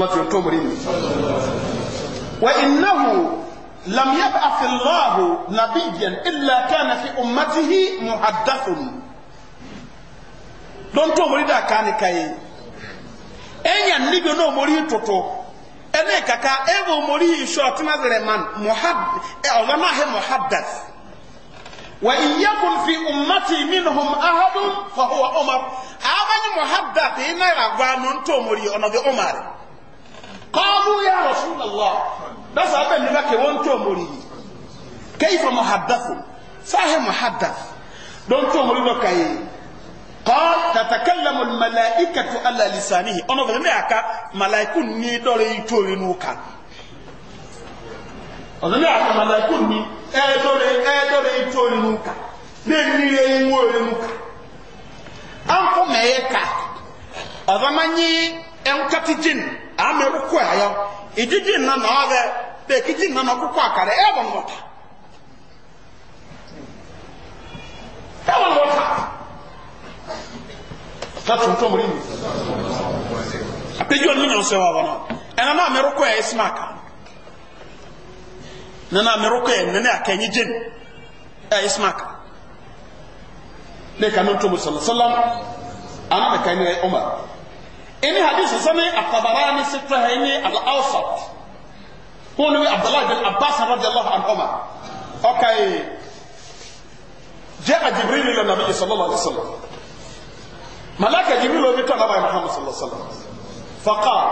A: láti ọ̀tọ́ mọ̀rí mi wa innahu lam yab'ath Allah nabiyyan illa kana fi ummatihi muhaddathun don to mọ̀rí da kan kai enya nibi no mọ̀rí toto ene kaka evo mọ̀rí short mazere man muhadd e olama he muhaddath وإن يكن في أمتي منهم أحد فهو عمر أبني محدث إن رغبان تومري أنا عمر قالوا يا رسول الله ده صعب ان لك وانت امره كيف محدث فهم محدث دونت امره كاي قال تتكلم الملائكة على لسانه انا فهمي اكا ملائكة ني دوري توري نوكا ọ̀dọ́lẹ́ àwọn màláìkù ní ẹ́ẹ̀dọ́rẹ̀ ẹ́ẹ̀dọ́rẹ̀ ètò ìrìnúkà ní ìrìnlẹ̀ ìwò ìrìnúkà. a ń kọ́ mẹ́ẹ̀ẹ́ka ọ̀dọ́mányí ame kukwa ayo ijiji na na ave be kiji na na kukwa kare ebo ngota ebo ngota tatu mtu mulimi apejwa ninyo sewa wana ena na ame kukwa ya ismaka na na ame kukwa ya nene akenyi jini e, ya ismaka ne kanu mtu sallallahu alaihi wasallam ana kainire umar ini hadisi sani atabarani sitra ini al awsat hunu mi abdullahi bin abbas radiyallahu anhuma okay جاء جبريل الى النبي صلى الله عليه وسلم ملاك جبريل وبيتو نبي محمد صلى الله عليه وسلم فقال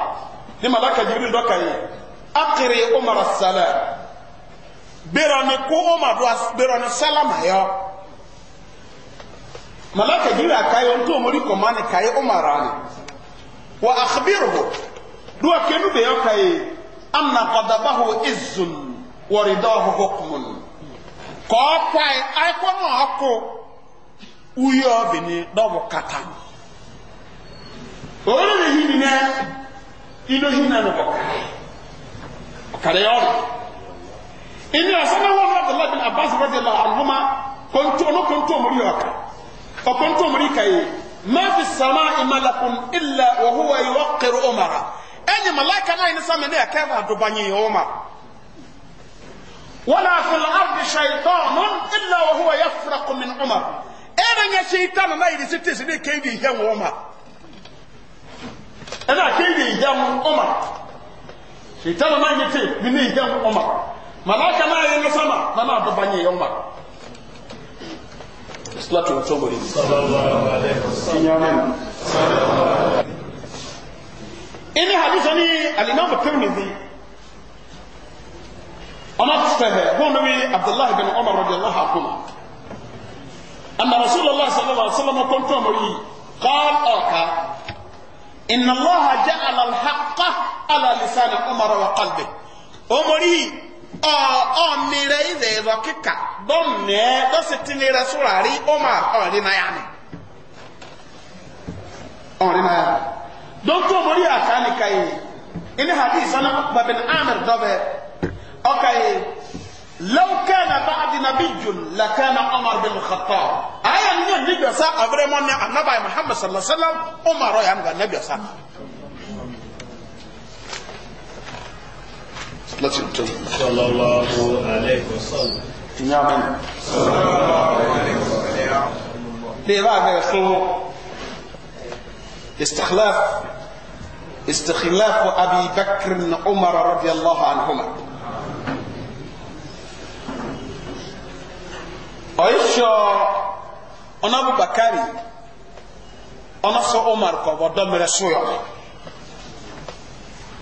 A: لملاك جبريل دوكاي اقري عمر السلام بيراني كو عمر بيراني سلام يا ملاك جبريل كاي انتو مريكو ماني كاي عمراني wa akhbirhu duwa kenu be yokai anna qadabahu izzun wa ridahu hukmun ko kwai ai ko no ako uyo bini dobo katan ori le hini ne ilo hina no ko kare yo inni asana wa abdullah bin abbas radiyallahu anhuma kontu no kontu muri yokai o kontu muri kai ما في السماء ملك إلا وهو يوقر أمرا اني ملايكة لا ينسى من كيف ادوباني يوما ولا في الأرض شيطان إلا وهو يفرق من عمر أين شيطان لا يرسل سيدي كيف يهيم عمر أنا كيف يهيم عمر شيطان لا يرسل من يهيم عمر ملايكة لا ينسى من ذلك كيف هدبني عمر sílátù ọ̀tọ́mọ̀rí inú hadith ní alimami tirmidhi ọmọ fẹ̀hẹ̀ bóun wí abdullahi bin umar radiyallahu anhu anna rasulullah sallallahu alaihi wasallam kuntu amri qal aka inna allaha ja'ala al-haqqa ala lisani umar wa qalbi umri ọmire ịdị ịdọ kịka dọmne dọsịtịnere sụrarị omar ọrị na ya nị ọrị na ya dọkịta omori aka nị ka yi ịnị hadis ọnụ babin amir dọbe ọka yi لو كان بعد نبي لكان عمر بن الخطاب ايا ني ني بيسا ابرمون النبي محمد صلى الله عليه وسلم عمر يا نبي صلى الله عليه وسلم
B: صلى الله عليه وسلم
A: نعم صلى الله
B: عليه وسلم
A: لماذا يكون استخلاف استخلاف أبي بكر بن عمر رضي الله عنهما عيشة أنا أبو بكر أنا سو عمر كو ودم رسول الله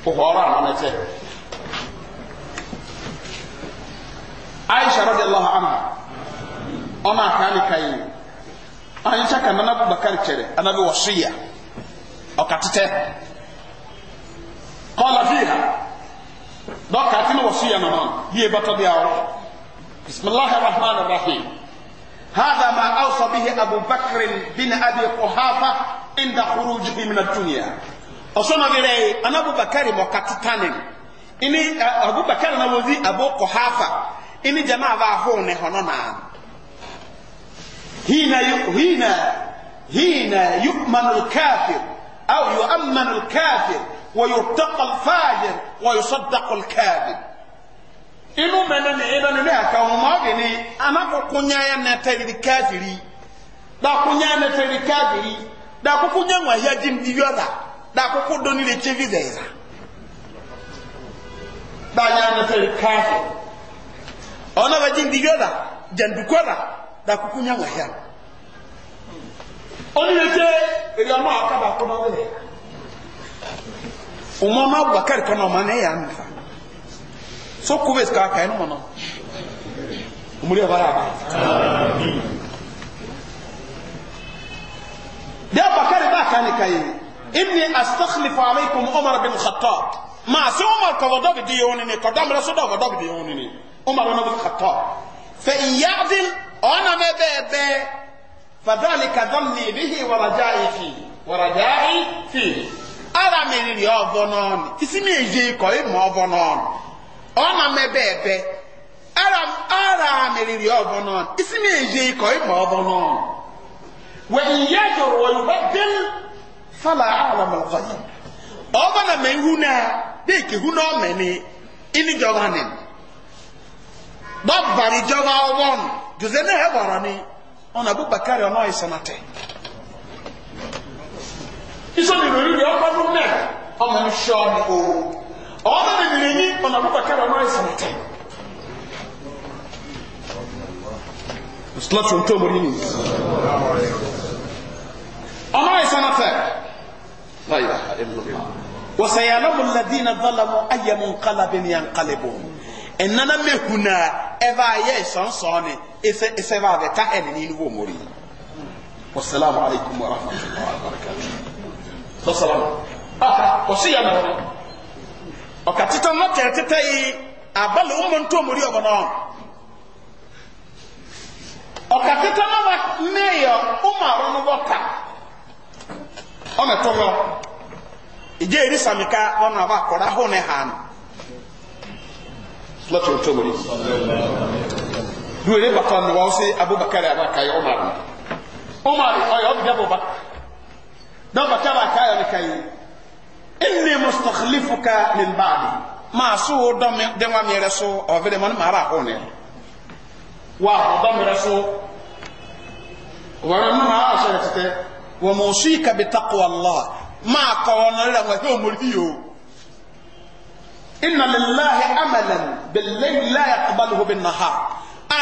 A: وهو أرى aisha radiyallahu anha ọmọ àkàlì kàyé aisha kan nana bakar kyerɛ anabi wasiya ɔka titɛ kɔla fiha dɔka ati na wasiya nana bie bɛtɔ bi awɔ bisimilahi rahman rahim هذا ما أوصى به أبو بكر بن أبي قحافة عند خروجه من الدنيا أصنع غيري أنا أبو بكر مكتتاني إني أبو بكر نوذي أبو قحافة ini jamaa baa hoo ne hono naa hina yu, hina hina yu'man al-kafir aw yu'amman al-kafir wa yurtaqa al-fajir wa yusaddaqu al-kadhib inu mene ne ina ne aka homa de ni amako kunya ya kafiri da kunya kafiri da kukunya wa jim diyoda da kukudo ni le chevi kafiri ona ba jindi yoda jandukola da kukunya wahya oni yete eri ama akaba ko na le umma ma bakar kono mane ya nfa so kubes ka kai no no umuri bara ba amin da bakar ba kan kai inni astakhlifu alaykum umar bin khattab ma so umar ko do bi di yoni ne ko dam rasul do do bi di yoni ne umar ibn al-khattab fa iyadil ona me bebe fadhalika dhanni bihi wa rajai fi wa rajai fi ara me ni ovo non isimi eje ko e mo ovo non ona me bebe ara ara me ni ovo non isimi eje ko e mo ovo non wa iyadu wa yubaddil fala a'lamu al-ghaib ọba na me huna de ke huna me ni ini jọba bọ́bàrì ìjọba ọwọ́n jùzẹ́ ní ẹ̀bọ̀rọ̀ ni ọ̀nà abúbakari ọ̀nà ìsànàtẹ̀ isọ́ni lórí rẹ̀ ọgbọ́dún mẹ́ ọmọ nṣọ́ ni o ọ̀nà bìbìrì yín ọ̀nà abúbakari ọ̀nà ìsànàtẹ̀ slọ́tù tó mú nínú
B: ọ̀nà ìsànàtẹ̀
A: wọ́sẹ̀yà lọ́mùlẹ́dínà dọ́làmù ayẹmú nkálàbẹ̀ ní ànkálẹ̀bù ẹ̀nana mẹ́hùnà ebe ayé ìsọ̀nsọ̀ ni ìsẹ̀ bá bẹ̀ tá ẹni ní ìlú mọ̀rí. wasalaamu alaykum wa rahmatulahi wa barakatuh. sọ́sọ́lámù. ọ̀ka ọ̀sí yà nà wọ́n. ọ̀ka títọ́ mọ́ yi yìí abalẹ̀ ọmọ ntọ́ mọ̀rí ọ̀bọ̀n ta. ìjẹ́ wọn kọ́ra hó hàn. lọ́tọ̀ tó mọ̀ ní. duwere bàtà ni wọ́n sẹ́ abubakar abakayi ọmọ àrùn ọmọ àrùn ọyọ ọbì dẹ́bọ̀ bá dọ́bàtà abakayi ọ̀nìkàyè ẹnì mùsùlùmífùkà ní báàdì máa sọ wọ́n dọ́mi dẹ́wọ́n mi rẹ so ọ̀fẹ́ dẹ́mọ́ ní màrà àhọ́ ni wà á dọ́mi rẹ so wọ́n mú màrà àṣẹ rẹ tẹ́tẹ́ wọ́n mọ̀ sí kàbí takwa allah máa kọ́ wọn lọ́rẹ́ àwọn ẹgbẹ́ òmòrí yìí إن لله عملا بالليل لا يقبله بالنهار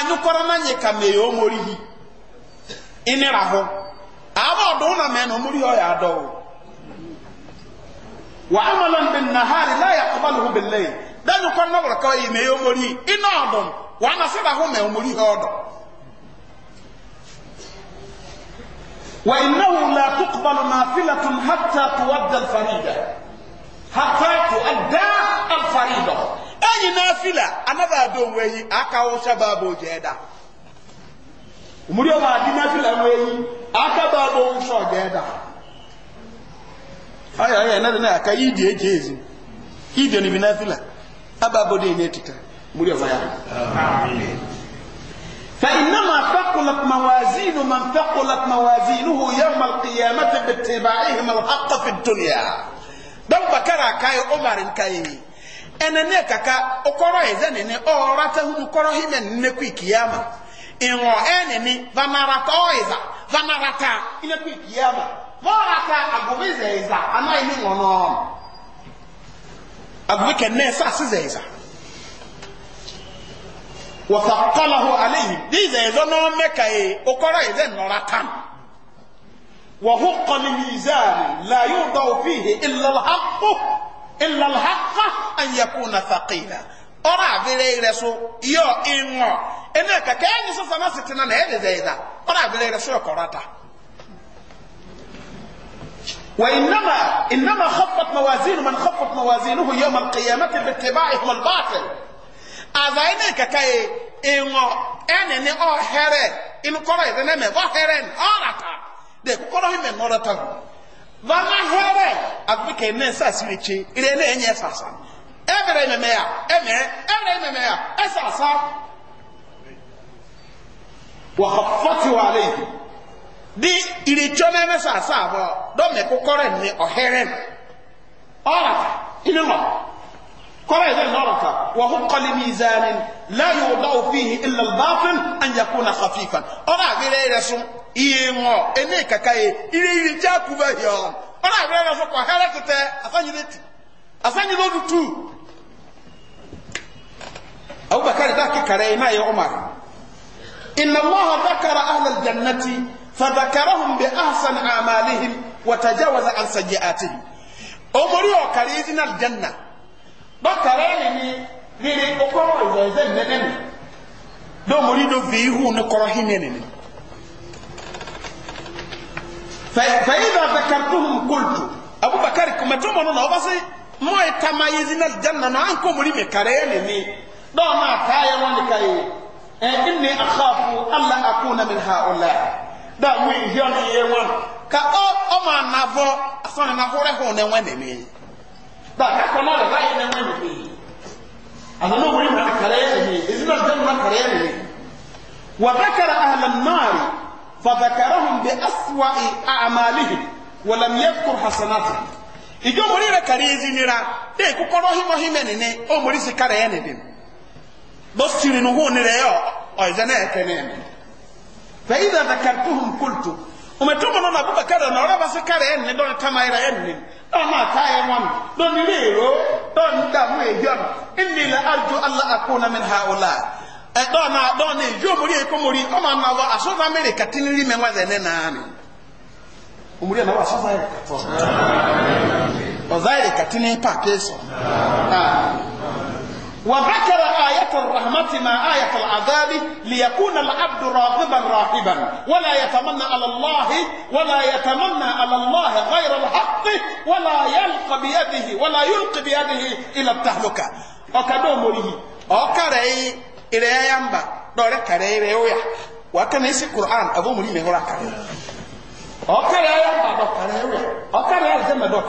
A: أنو كرنا يكمل يوم وريه إن راهو أما دونا من عمره يا دو وعملا بالنهار لا يقبله بالليل دانو كرنا بركوا يوم وريه إن أدم وأنا سبعه من عمره أدم وإنه لا تقبل نافلة حتى تودى الفريدة hatta tuadda al-farida ẹ̀yin nafila anaba do weyi aka wo shababu jeda umuri ba di nafila weyi aka ba do so jeda ay ay na na aka idi ejezi idi ni binafila ababo de ne tita umuri ba ya فإنما ثقلت موازين من ثقلت موازينه يوم القيامة باتباعهم الحق في الدنيا dɔw bakara akaye ɔmari nkaye ɛnɛnɛ kaka ɔkɔrɔ yɛ e zɛ nini ɔrata hu kɔrɔ hi mɛ nne kui kiyama ìwọ ɛnini vanarata ɔyiza vanarata nne kui kiyama vɔrata agobi zɛyiza anayi ni ŋɔnɔɔn agobi kɛnɛ saasi zɛyiza wɔfakɔlahu aleyi bi zɛyiza n'ɔmɛ kaye ɔkɔrɔ yɛ zɛ nɔrata no. وهق لميزان لا يوضع فيه إلا الحق إلا الحق أن يكون ثقيلا ọ̀rọ̀ بلي رسو يو yọ ìwọ̀n ẹnú ẹ̀ka kẹ́yìn sọ́sọ́ náà sì tẹ̀lé ẹ̀ lè dẹ̀yìn dá وإنما إنما خفت موازين من خفت موازينه يوم القيامة باتباعهم الباطل أذاين ككاي إنو أنا أهرة إن قرأ انا نمي أهرة اراكا ɔyɛ mɛ nɔrɔ ta ho vama hɛrɛ afrika yi mɛnsa asirikye ire na enye sasa ɛmɛrɛ mɛmɛ a ya ɛmɛrɛ mɛmɛ a ɛsasa wɔ fɔti wɔ ale yi di iritsɔ n'ɛmɛ sasa bɔ dɔmɛ kɔkɔrɛ كما يزال نارك وهق لميزان لا يوضع فيه إلا الباطل أن يكون خفيفا أرى غيري رسم إيه إني كاكاي إلي يجا كوفيهم أرى غيري رسم وحالة كتا أفاني ذات أفاني لو تو أو بكاري ذاك كاري ما عمر إن الله ذكر أهل الجنة فذكرهم بأحسن أعمالهم وتجاوز عن سيئاتهم أمري أكاريزنا الجنة dɔkara yɛ ni riri ɔkɔrɔ ɛzɛzɛ nɛnɛ ni dɔmɔri do vi ihu ne kɔrɔ hi nɛnɛ ni fɛyi na zakarituhum kultu abubakar kɔmɛtɔ mɔnɔ na ɔba se na na an kɔ mɔri mi kara yɛ ni ni dɔw na yɛ wani ka ye ɛ yi ka ɔ na hɔrɛ hɔn dàkà kọ́nà rẹ̀ báyìí náà wọ́n nìyí àtàwọn ọmọ yìí máa kàrẹ́ yẹn nìyí èyí náà dẹ́nu máa kàrẹ́ yẹn nìyí. wà dákàrà àhàlà náàrí fàdàkàrà hùn bẹ afuwa àmàlìhì wàlàmìyẹ kúr hasanatu. ìjọ mọ̀rí rẹ̀ kàrẹ́ yẹn zi nira bẹ́ẹ̀ kúkọ́rọ́ hímọ́hímẹ́ nìyẹn ó mọ̀rí sí kàrẹ́ yẹn nìyẹn. lọ́sìrì nìhó nìyẹn ọ̀ ọ̀ ìzẹ́nà ẹ̀kẹ́ nìyẹn. fẹ́ umetuma naona abubakar na bụba basikare enne ira enne e damu akuna e, na don e jo muri e komori o ma na wa aso na america tiniri me wa zene na ami umuri e na wa aso za e kato o kati وذكر آية الرحمة مع آية العذاب ليكون العبد راغبا راهبا ولا يتمنى على الله ولا يتمنى على الله غير الحق ولا يلقى بيده ولا يلقي بيده إلى التهلكة أكدو مريه أكري إلى ينبا دور كري ريويا وكان يسي القرآن أبو مريه مهورا كري أكري ينبا دور كري ريويا أكري ينبا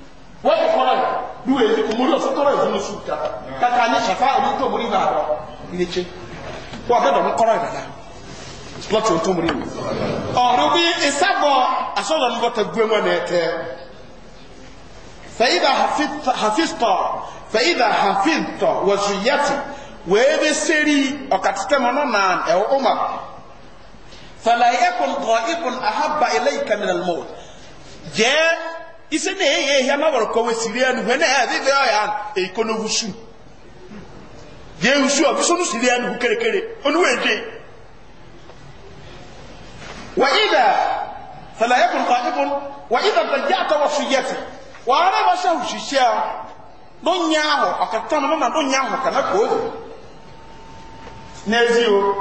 A: wọ́n kò kọ́ra yìí ní wọ́n èyí òmùrí ọ̀sán tọ́rọ ìfún oṣù ká kàkà ní ṣàfá òní tó múrí náà rọ ìrètí wọ́n akẹ́dọ̀ ní kọ́ra ìdàdà lọ́tí òtún múrí mi. ọ̀rọ̀ bí ìsábọ̀ asọ́lọ̀ ní bọ́tà gbé wọn ní ẹ̀tẹ́ fẹ̀yìdà hafistọ̀ fẹ̀yìdà hafintọ̀ wọ̀sù yẹtì wẹ́ẹ́ bẹ́ sẹ́rí ọ̀kàtítẹ́mọ̀ náà ẹ̀wọ̀ ise na eye ehia ma wɔrɔ kɔwɛ siria nu hɛ na ɛyɛ bebe ɔyɛ an eiko na wusu deɛ wusu a wusu no siria nu kerekere onu wɛ de wa ida salaya kun ka ibun wa ida daja ta wa suyati wa ara ba sa husisiya don nya ahɔ akata no ma don nya ahɔ kana kooyi n'ezi o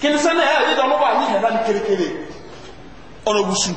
A: kinisa na ɛyɛ bebe ɔno ba ni hɛ na ni kerekere ɔno wusu.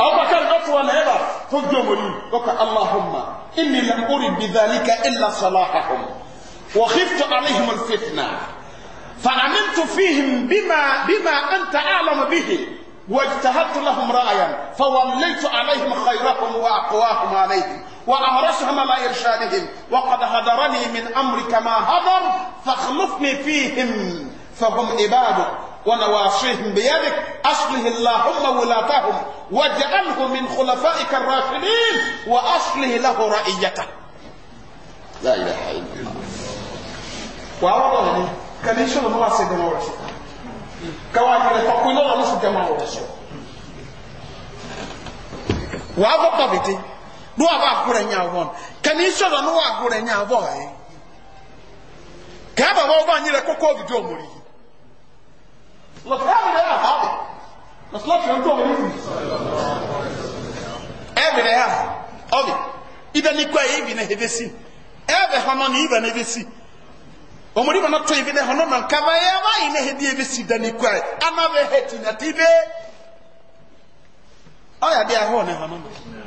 A: أو بكر أطوى yaba to jomoni waka allahumma inni lam urid bidhalika illa salahahum wa khiftu alaihim فعملت فيهم بما بما انت اعلم به واجتهدت لهم رايا فوليت عليهم خيرهم واقواهم عليهم وأهرسهم على إرشادهم وقد هدرني من أمرك ما هدر فاخلفني فيهم فهم عبادك ونواصيهم بيدك أصله اللهم ولاتهم واجعله من خلفائك الراشدين وأصله له رأيك
B: لا إله إلا الله
A: وأوضعني كان يشهد الله سيدنا ورسول كواجب لتقوين الله سيدنا ورسول وأبو طبيتي do a ba agorɔ nyɛ awɔ no kani sɔrɔ no wa agorɔ nyɛ awɔ yɛ lọ́tí ẹ̀mì rẹ̀ yà hàbì lọ́tí ẹ̀mì tó wọlé yìí ẹ̀mì rẹ̀ yà ọ̀bì ibẹ̀ ní kọ́ ẹ̀yẹ́bì náà ẹ̀bẹ̀ sí ẹ̀bẹ̀ hànà ní ibẹ̀ náà ẹ̀bẹ̀ sí ọmọdé bàná tó ibi náà hànà náà kaba yà wá yìí náà ẹ̀bẹ̀ ẹ̀bẹ̀ sí dání kọ́ ẹ̀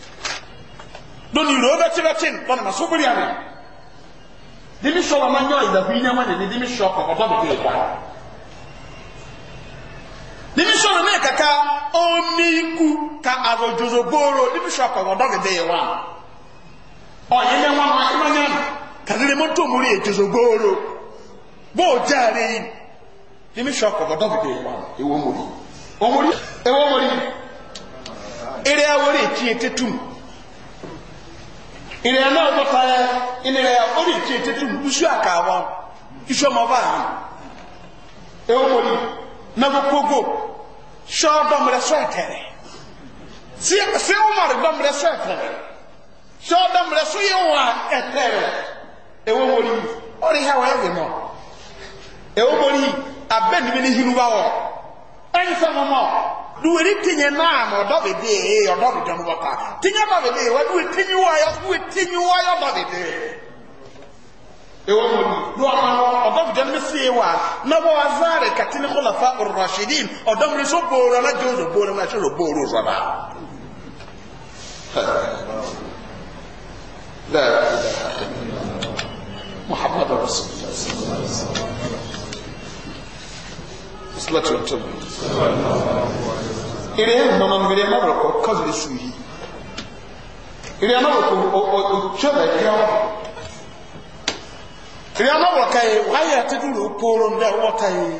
A: dɔnni ro bɛ ti bɛ na dɔnni ma sobiri dimi sɔ wama nyɔ inyama nini dimi sɔ kɔkɔtɔ bi kiri dimi sɔ ka arojozo booro dimi sɔ kɔkɔtɔ bi de wa ɔye ma kadiri mo muri ejozo jaare yi dimi sɔ kɔkɔtɔ bi ewo ewo ere awori eti ìrìn àná ọgbọ́ta ẹ ìnira ẹ ó lè tí ètè tó iṣu àkàwọ iṣu ọmọ bá àná ewu wò ni nagogogo sọ dọmọdé sọ ẹtẹrẹ sí ọmọdé dọmọdé sọ ẹtẹrẹ sọ dọmọdé sọ yẹ wà ẹtẹrẹ ewu wò ni ọrẹ ha wà ẹwẹ nọ ewu wò ni abẹ nìbi ni hinu bá wọ ẹnfẹ mọmọ duwere tinye naanị ọdọbide ọdọbide mbọta tinye ọdọbide wa duwe tinye wayọ duwe tinye wayọ ọdọbide ewo mu do ama ọdọbide mi si wa na wọ azari katini kọlafa rọshidin ọdọbide so booro na jozo booro na sọrọ booro
B: zọba. لا إله إلا الله محمد رسول الله salatu wa tabi ire ya mama
A: mbere na roko kazu le suyi ire ya roko o choda kira wa ire ya roko kai waya te duro poro nda wota yi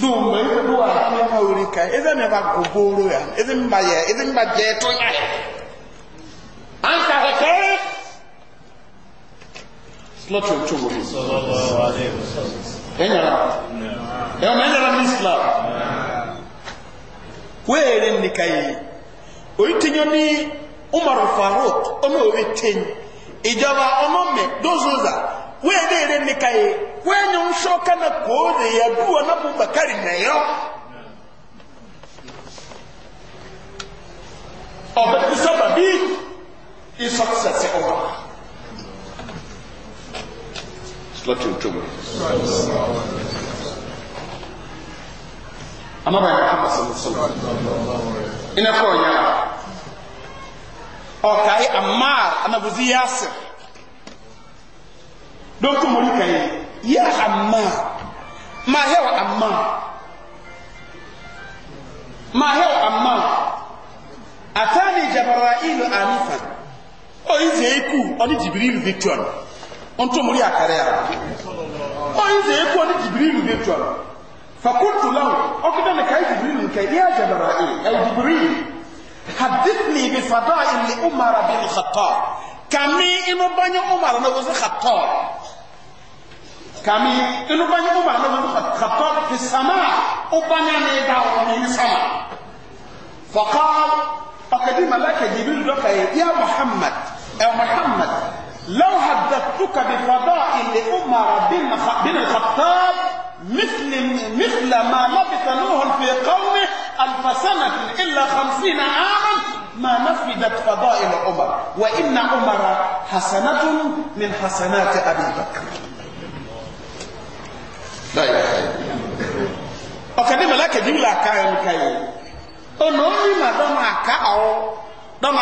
A: do me do a ni ha ori kai eze me ba goboro ya eze mba ya eze mba je to ya an ka ha kai salatu wa tabi sallallahu alaihi wasallam enyara ewa enyara mu islam weere nnika yi oyitinyo ni umar faruk ọmọ obi tin ìjọba ọmọ mi dózóza weere nnika yi weenyo nsọ kana kóore ya duwa na bu bakari nayọ ọbẹ kusa babi isọ sẹsẹ ọmọ.
B: I'm not going to come a In lọ́tún tó mọ̀. anaba yɛ kama sɛ musolo ina
A: kɔ ya ɔkae amar anabuzi yasir dɔnku mori kae ya amar ma hɛ wa amar ma hɛ wa amar Oh, jabarailu anifan ɔyi zɛ eku ɔni jibirilu victor ọ̀ntún mú rí àkàrẹ́ àwọn ọ̀yìn zèé kú ọdí jìbìrìlù dé tu àná fàkóòtù láwọn ọkùnrin náà kàí jìbìrìlù nìkà yé àjàbàrà ẹ̀ ẹ̀ jìbìrìlù hadithni bi fada ilé umar bin khatọ kàmi inú bányẹ umar náà wọ́n sẹ́ khatọ kàmi inú bányẹ umar náà wọ́n sẹ́ khatọ fi sàmà ó bányẹ ní ìdá wọn ní sàmà malaka jìbìrìlù dọ́kà yẹ yá muhammad ẹ̀ e muhammad. لو حدثتك بفضائل أمر بن الخطاب مثل مثل ما لبث نوح في قومه ألف سنة إلا خمسين
B: عاما
A: ما نفدت فضائل عمر وإن عمر حسنة من حسنات أبي بكر لا يا ọkàdé جملة كاين كاين ká ما ká yìí ọ̀nà ó ní màdọ́mà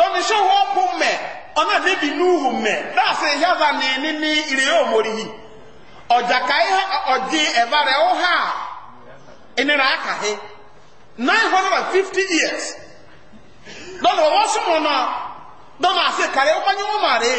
A: dɔnni sɛ wɔn ko mɛ ɔna nuhu mɛ daase yaza ne ne ne ire yɛ omori yi ɔdzaka yi ɔdze ɛva ha aka nine hundred and fifty years dɔnni wɔn na asị karịa kare wo banyi wo ma re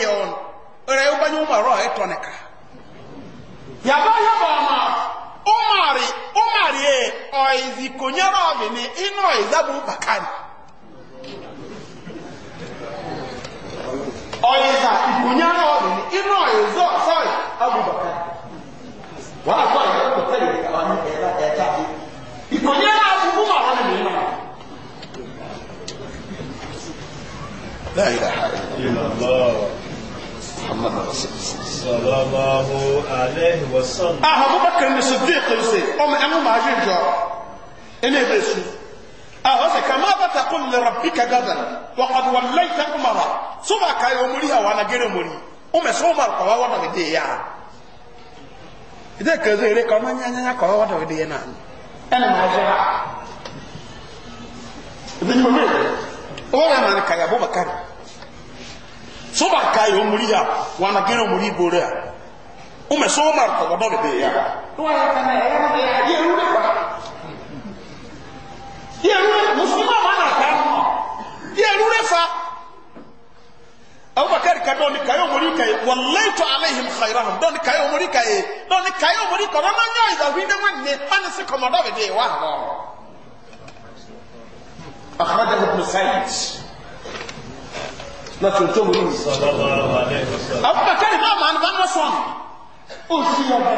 A: ọ̀yẹ̀dà ìgbònyá náà ní inú ọ̀yẹ̀dọ́ sọ́ọ̀rì ah, abubakar wọ́n á kọ́ ìyá ọkọ̀ tẹ́lẹ̀ ìkàwọn ní ẹ̀dá ẹ̀dá bí
B: ìgbònyá náà fún fún àwọn ọmọ ìlú náà. láyé محمد رسول صلى الله عليه وسلم اه ابو بكر الصديق قال سي ام ام ما جيجو اني بسو
A: أهوسي كما تقول لربك غدا وقد وليت أمرا سوما كاي أمريها وأنا غير أمري أم سوما القوى وانا بدي يا إذا كذا يريك أما نانا قوى وانا بدي أنا أنا ما جاء إذن يومين وانا ما نكاي أبو بكر سوما كاي أمريها وأنا غير أمري بوريا أم سوما القوى وانا بدي يا
B: وانا كما يا يا يا
A: yẹnu musulman ma na ka yẹnu rẹ fa abubakar ka dɔɔni kayo mori ka ye walayi to alayhim khayirahum dɔɔni kayo mori ka ye dɔɔni kayo mori ka ɔmɔ nyɔ yi zahu ne ma nye ɔni si kɔmɔ dɔ bi de wa. akhraja ibn sa'id
B: na tuntun mu yi.
A: abubakar ma ma ba ma sɔn o si yɛ bɛ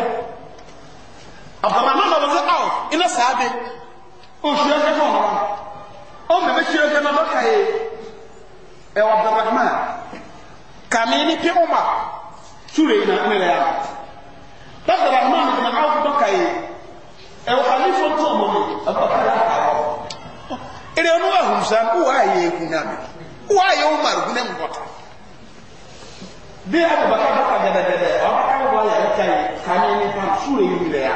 A: abubakar ma ma ba ma ina saa bi oṣù ẹsẹ fún ọmọ ọ mẹmẹ ṣe ẹsẹ náà lọkà yìí ẹ wà abdulrahman kàmi ní pé ọmọ
B: ṣúlẹ̀ yìí náà nílẹ̀ yà abdulrahman ní ọmọ àwọn
A: lọkà yìí ẹ wà àlífọ tó
B: ọmọ mi abakar àkàwọ.
A: èrè ọ̀nà wà hùwùsà kó wà á yẹ egun náà mi kó wà á yẹ ọmọ àrùn náà mi bọ̀tà. bí abubakar bọ̀tà gẹ́gẹ́dẹ́gẹ́dẹ́ ọ̀bàkar wà yà ẹ̀ka yìí kàmi ní pàm ṣúlẹ̀ yìí nílẹ̀ yà.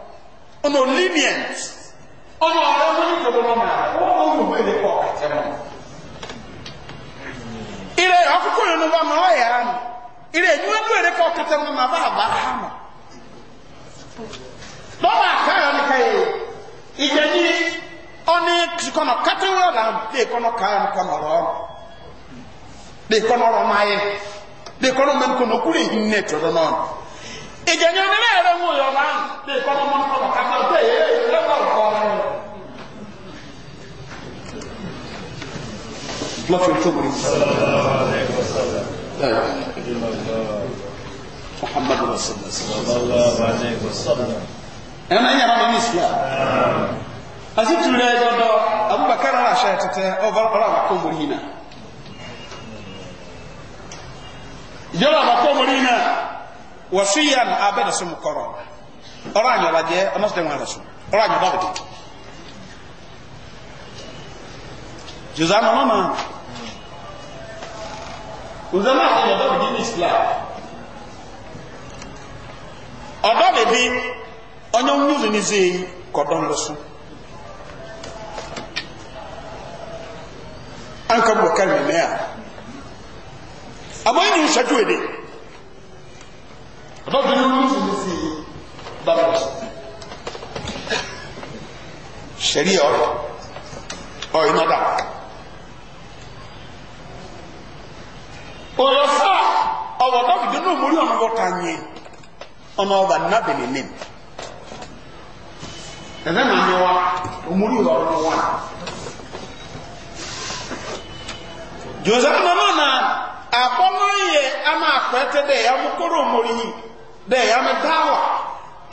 A: ọmọ lenient ọmọ ọ̀rẹ́ ọmọ ní ìjọba ọmọ náà wọ́n mọ̀ ní ìwé pọ̀ kàtẹ́ mọ́. ilé ọkùnkùn yìí ló bá máa wáyà rà nù ilé ìwé ìwé rẹ̀ pọ̀ kàtẹ́ mọ́ máa bá àbá rà nù. lọ́wọ́ àkáyọ̀ nìkan yìí ìjẹ́ ní ọ́ní kọ́nà kátẹ́wọ́ là ń dé kọ́nà káyọ̀ nìkan ọ̀rọ̀ ọ̀rọ̀ dé kọ́nà ọ̀rọ̀ máa yẹ dé kọ́nà mẹ́kọ̀nà kúrè ìhìn ìjẹ̀yìn onílé ẹ̀rọ wò yọ bá
B: lè kọ́ ọmọ ọmọ kàkà tó èyí lẹ́gbà ọ̀rọ̀ ọ̀rọ̀ lọ́fẹ̀ẹ́ tó wù muhammadu rasulillah ẹ̀rọ ẹ̀yìn ara mi islam àti tùrẹ̀ ẹ̀dọ́dọ́
A: abubakar ara aṣọ ẹ̀tẹ̀tẹ̀ ọ̀rọ̀ àbàkọ́ mọ̀ yìí náà ìjọba àbàkọ́ mọ̀ yìí náà wasiyan abena sum koro oranya baje onos de wala sum oranya dawdi juzama mama uzama ya dawdi ni islam odawdi bi onyo nyuzu ni zeyi kodon losu an kabu kalmemea amma yin shatu ne dɔbi ni wuli funu fi dɔbi wɔ sariya ɔrɔ ɔ iná dà ọ̀rọ̀ sá ọ̀wọ̀ dɔbi di ní omori ɔnà wọ́ta nyi ɔnà ɔba nabili nim ɛfɛ nà nyɛ wa omori ɔrɔ nà wa joseph nana na abɔnayɛ ama akpɛtɛ dɛ yamukoro omori yi. bẹ́ẹ̀ yà mẹ́ dáwà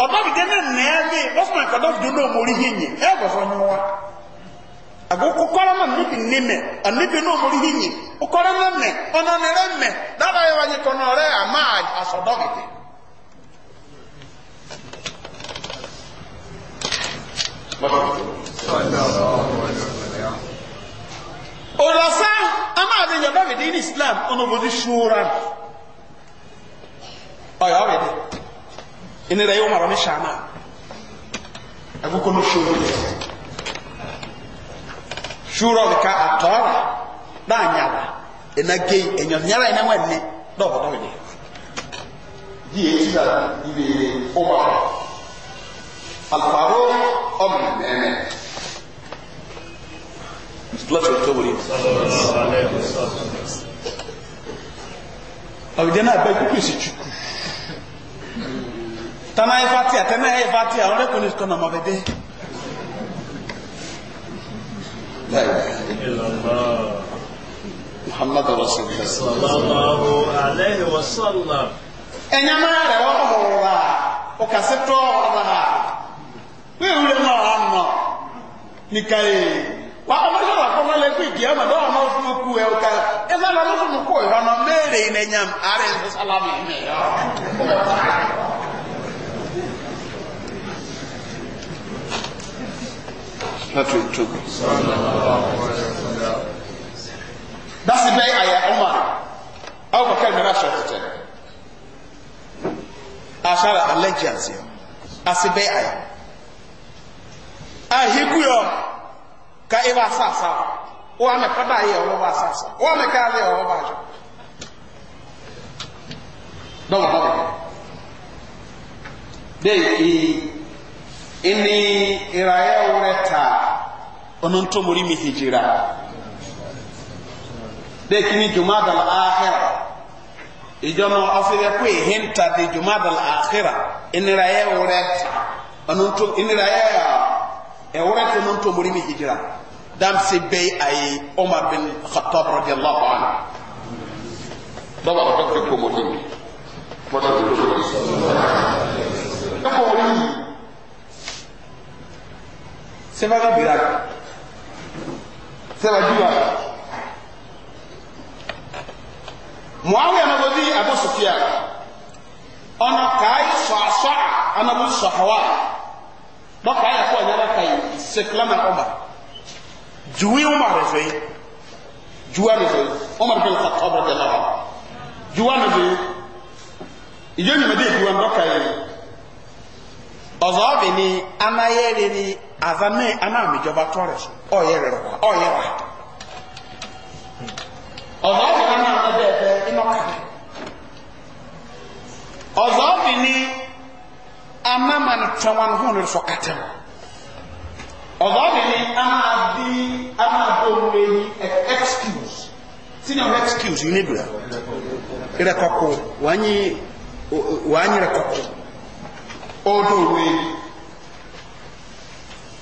A: ọ̀dọ́gidẹ́ náà nẹ́ẹ̀bẹ́ ọ̀sán ìkàdọ́gidẹ́ náà mọ̀ orí hìnyẹ ẹ̀bọ̀ fọ́ nyọ́wá àgókò kọ́lá náà níbi nímẹ̀ àníbi náà mọ̀ orí hìnyẹ ọkọ́lá náà ọ̀nà nẹ́rẹ́ mẹ́ dáadáa yẹ wáyé kọ́nà rẹ̀ àmà ní islam ọ̀nà oh, ọ̀yọ́ ọ̀rẹ́ dẹ ẹni rẹ̀ yóò mọ̀rọ̀ ní sàmà ẹ̀kọ́kọ́ ní ṣòro rẹ̀ ṣúrọ̀ nìka àtọ́rà náà nyàrá ẹ̀nà gé ẹ̀yàn nyàrá ẹ̀nà wẹ̀ ní dọ̀bọ̀ dọ̀bọ̀ dẹ̀ yíyẹ ti sà ibi ọmọ
B: alfaro ọmọ mẹ́mẹ́ lọ́tọ̀ tó wọlé
A: ọ̀rẹ́dẹ́ náà bẹ́ẹ̀ kúkú èsì chukwu tana ye fatiya tana ye fatiya o de kɔni kɔnɔ ma bɛ de.
B: muhammadu rasulillah.
A: ɛnyama yɛrɛ wɔrɔ wɔrɔ la o ka se tɔ wɔrɔ la ko e wuli ma wa nɔ ni ka ye wa a ma sɔrɔ a kɔnɔ la ko diɲɛ ma dɔw ma funu ku yɛ o ka ma funu ko yɔrɔ nɔ mɛ e de ye ne ɲam a yɛrɛ ye sɛ salamu
B: Patrick took. That's the day I am Omar.
A: Abu Bakr Mira shot it. Ashara allegiance. That's the day I am. Ahiku yo ka eva sasa. O ame pada ye o ba sasa. O ame ka le o ba jo.
B: Don't bother.
A: ini iraya wureta onun to muri mi hijira de kini jumada al akhira ijono afire ku hinta de jumada al akhira ini iraya wureta onun to ini iraya e wureta onun to muri mi hijira dam se bey ay umar bin khattab radiyallahu anhu baba ko ko mo tin mo tin
B: ko ko
A: sɛba ka bira sɛba duba muawiya na wadi abu sufiya ɔna kaayi sɔasɔ anabu sɔhawa dɔkɔ ayɛ kɔ nyara kayi sekilama ɔma juwi ɔma refe juwa refe ɔma refe nfa tɔbɔ de la juwa refe ìjọ nyimadi juwa dɔkɔ ɔzɔ bi ni amayɛ bi ni azame anamijọba tọrọ ọyẹrẹ wa ọyẹrẹ ọzọ ọbìnrin náà ọdọ ẹgbẹ inọkàdé ọzọ ọbìnrin anamani tẹwọn hàn lórí fọkàtẹ wọn ọzọ ọbìnrin
B: anadi
A: anadọwọlẹ excuse sínú ọrọ excuse yìí níbìrẹ rẹkọkọ wàá nyi rẹkọkọ ọdọ òwe yìí.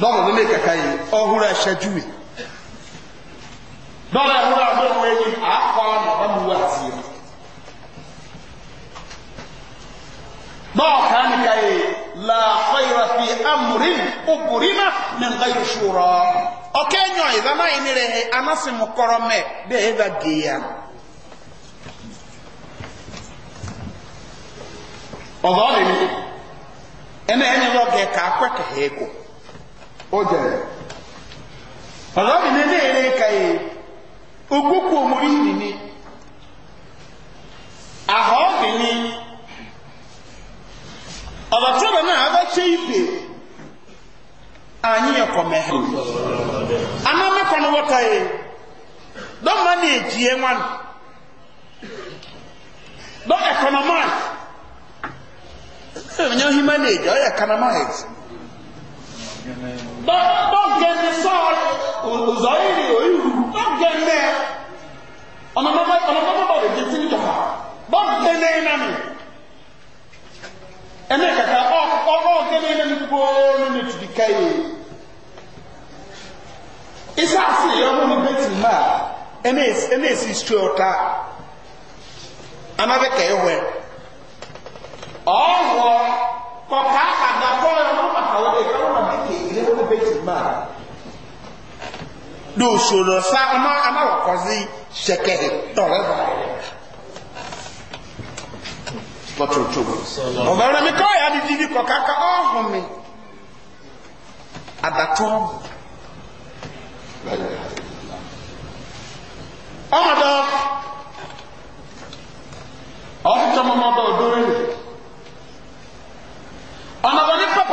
A: dɔwɔ bɛ mɛ kaka yi ɔhuru ahyɛju yi dɔwɔ na ɔmu wa tie mu dɔwɔ kan nika yi la xɔyira fi amuri oburima mɛ nka yi suurɔ ɔkɛ nyɔ yi bama yi ni rɛ anasi mu kɔrɔ mɛ bɛɛ bɛ geya ɔzɔ k'a kɔ kɛhɛ ojere ọ̀rọ̀ mi ní na èrè kàyé ogókù omori yìí ni àhọ́ọ̀bì ni ọ̀rọ̀ tí ọ̀rọ̀ náà anyị ọkọ mẹ́hìn anọ na wọ́ta yìí dọ́mà ní èjì yẹn wọn dọ́ ẹ̀kọ́nọ́máì ẹ̀yọ́ hìmánì èjì ọ̀ dɔgɛnɛ sɔɔri ozɔyiri oyiwu dɔgɛnɛ ɔnɔnɔmɔ ɔnɔnɔmɔ bɔ de titi jɔ ha dɔgɛnɛ nami ɛnɛ kaka ɔ ɔgɛnɛ nami gbɔɔnu ne tudi ka ye isaasi yɔrɔ mi bɛ ti ma ɛnɛ ɛnɛ esi sitri ɔta anabɛ kɛyɛ wɛ ɔwɔ kɔkɔ akadakɔ yɛ àwọn ẹ̀ka wọn àbí kì í bẹ́ẹ̀ tì máa do sòrò sa ama ama wà kọ́sí sẹ̀kẹ̀ tọ̀rẹ́ bá lọ́tọ̀ọ̀tọ̀ ọ̀bẹ̀rẹ̀ mi kọ́ ẹ̀yà dídí kọ̀ káka ọ̀hún mi àdàtọ́ ọmọdọ́ ọ̀hún tọ́mọmọdọ́ ọdọ́ rẹ̀ ọ̀nàbọ̀dé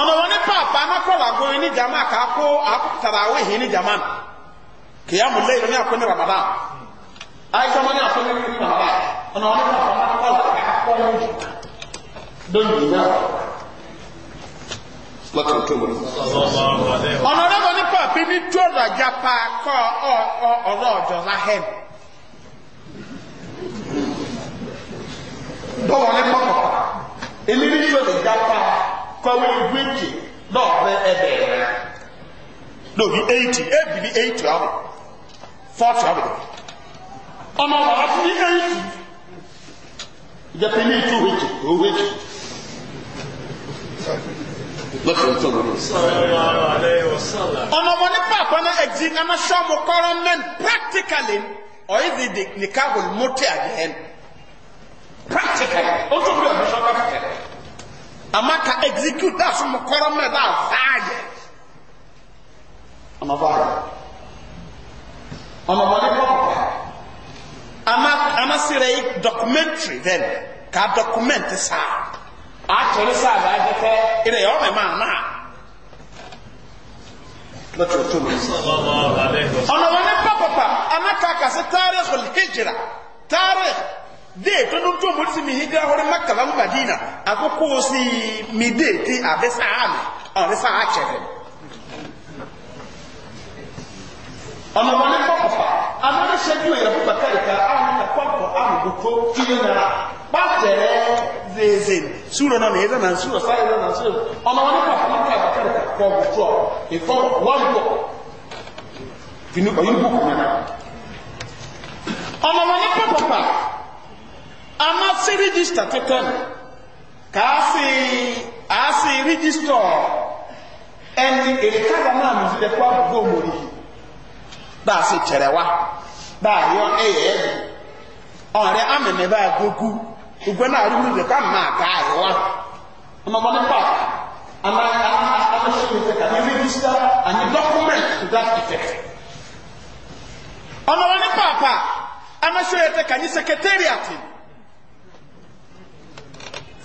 A: ọ̀nà wọn ní pàápàá anákọ̀làgó ní jama kakó akókòtàrà awéhìn ní jama nù kìyàmù lẹ́yìn ní akóni ramadan àìsàn wọn ní akóni ní ọ̀nà wọn ní pàápàá ọ̀nà wọn ní pàápàá ní japa kọ́ ọ̀rọ̀ ọ̀jọ̀ japa. kọ́wé gbèjì lọ́ọ̀rẹ́ ẹ̀bẹ̀ rẹ̀ lóbi eighty ebi bi eighty ọ̀rọ̀ forty ọ̀rọ̀ ọmọ wàá
B: fún mi eighty
A: ìjẹ́pẹ̀ ní ìtú wéjì ó wéjì
B: lọ́sọ̀rọ̀ tó lórí.
A: ọmọ wọn ní pàápàá náà ẹ̀jì ẹ̀ma sọ́ọ̀mù kọ́rọ́ practically ọ̀yẹ́ di nìkan wò ní mọ́tì àdìhẹ́n practically ó bí ọ̀dọ́ sọ́ọ́ practically ama ka execute daa sọmọ kọrọ mẹ daa vaayẹ
B: ọmọ vaayẹ ọmọ wọlé bọ
A: ama ama sira yi documentary then ka document saa atọri saa baa jẹ fẹ ẹrẹ yẹ ọmọ maa naa lọtọ tó mi ọmọ wọlé bọ papa ama ka kasi taari hol hijira de, tó ló ń tó mọ́tí mi hijira hore makka wa madina akókò sí mi dee tí abẹ́ sáà mi ọ̀rẹ́ sáà kyẹ̀rẹ̀ ọmọ wọn ní kọkọfà amáyé ṣẹ́jú ẹ̀rọ fún bàkàrìkà àwọn ọmọ kọkọ àmùgbò tó kíyé nara pàtẹ́rẹ́ zèzèn súrò náà mi ẹ̀rọ náà súrò sáà ẹ̀rọ náà súrò
B: ọmọ wọn ní kọkọ àmùgbò
C: bàkàrìkà
A: kọ̀ọ̀bù tó ìfọ̀ wọ́n bọ̀ fínú ọ̀yìn bùkù náà ọmọ wọn ní kọkọfà ama si rijista tete no ka asi asi rijista ɛni erikaga naa mi fi ɛkɔ agogo omori Ba daa si kyerɛ wa daa yɔ ɛyɛ ɛdi ɔrɛ amene na agogo ogbe naa ka ayɛ wa ɔmɔ bɔ ne paaki ana ana ana si mi tɛka ni rijista ani dɔkumɛnti to that effect ɔmɔ bɔ ne paapa ana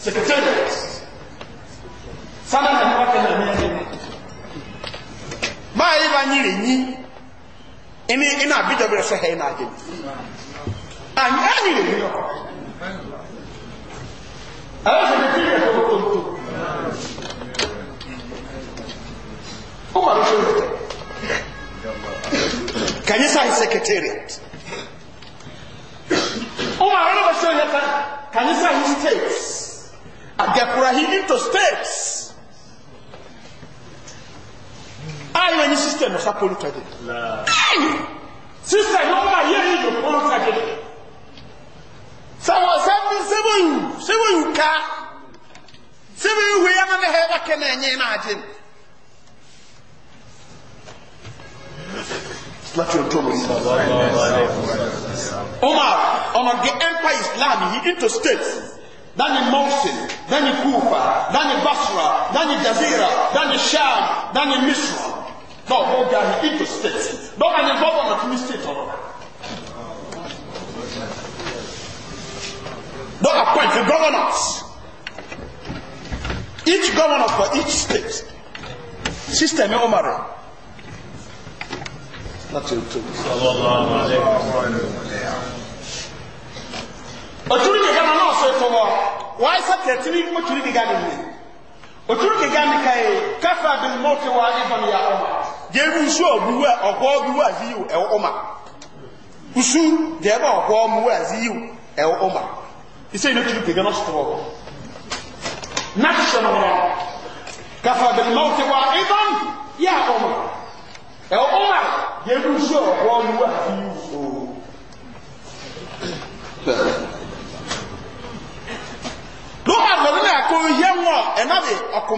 A: secretariat
B: sábà ní wọn kẹlẹ ní ẹni
A: báyìí bá nyiri nyi ẹni ẹni abidjan bẹrẹ sẹ hẹyìn náà jẹ ànyì
B: ẹni rẹ yọ àwọn secretariat tó tó
A: tó ó mà ló ṣe ń tẹ kànyí sáyé secretariat agakura him into states ayi na nyi system ọsa polluted ayi system ọba yẹ ni yọ polluted sẹwọn sẹbi sẹbi yu sẹbi yu ka sẹbi yu wei ama ne ha ẹba kẹ na ẹnyẹ na agye
B: láti ọjọ́ mọ̀ sí
A: ọmọ ọmọ the empire islam yìí into states dani Mosul dani Kufa dani Basra dani Jazira dani Sham dani Misra dɔw b'o gaari into state dɔw ka ɲɛ na tumi state kɔnɔ dɔw appoint governors each governor for each state system ye Umaru
B: láti o tóbi. oturu ke gama
A: na ɔsɛ fɔ hɔ wɔayɛ sɛ tɛtiri oturu ke gama ne oturu ke gama ka ye kafa bi mɔti wa ifɔni ya ɔma yeru nsu ɔbuwa ɔkɔ buwa ziyiw ɛwɔ ɔma nsu deɛba ɔkɔ muwa ziyiw ɛwɔ ɔma isɛ ne oturu ke gana ɔsɛ fɔ hɔ nakisɛn hɔ kafa bi mɔti ya ɔma ɛwɔ ɔma yeru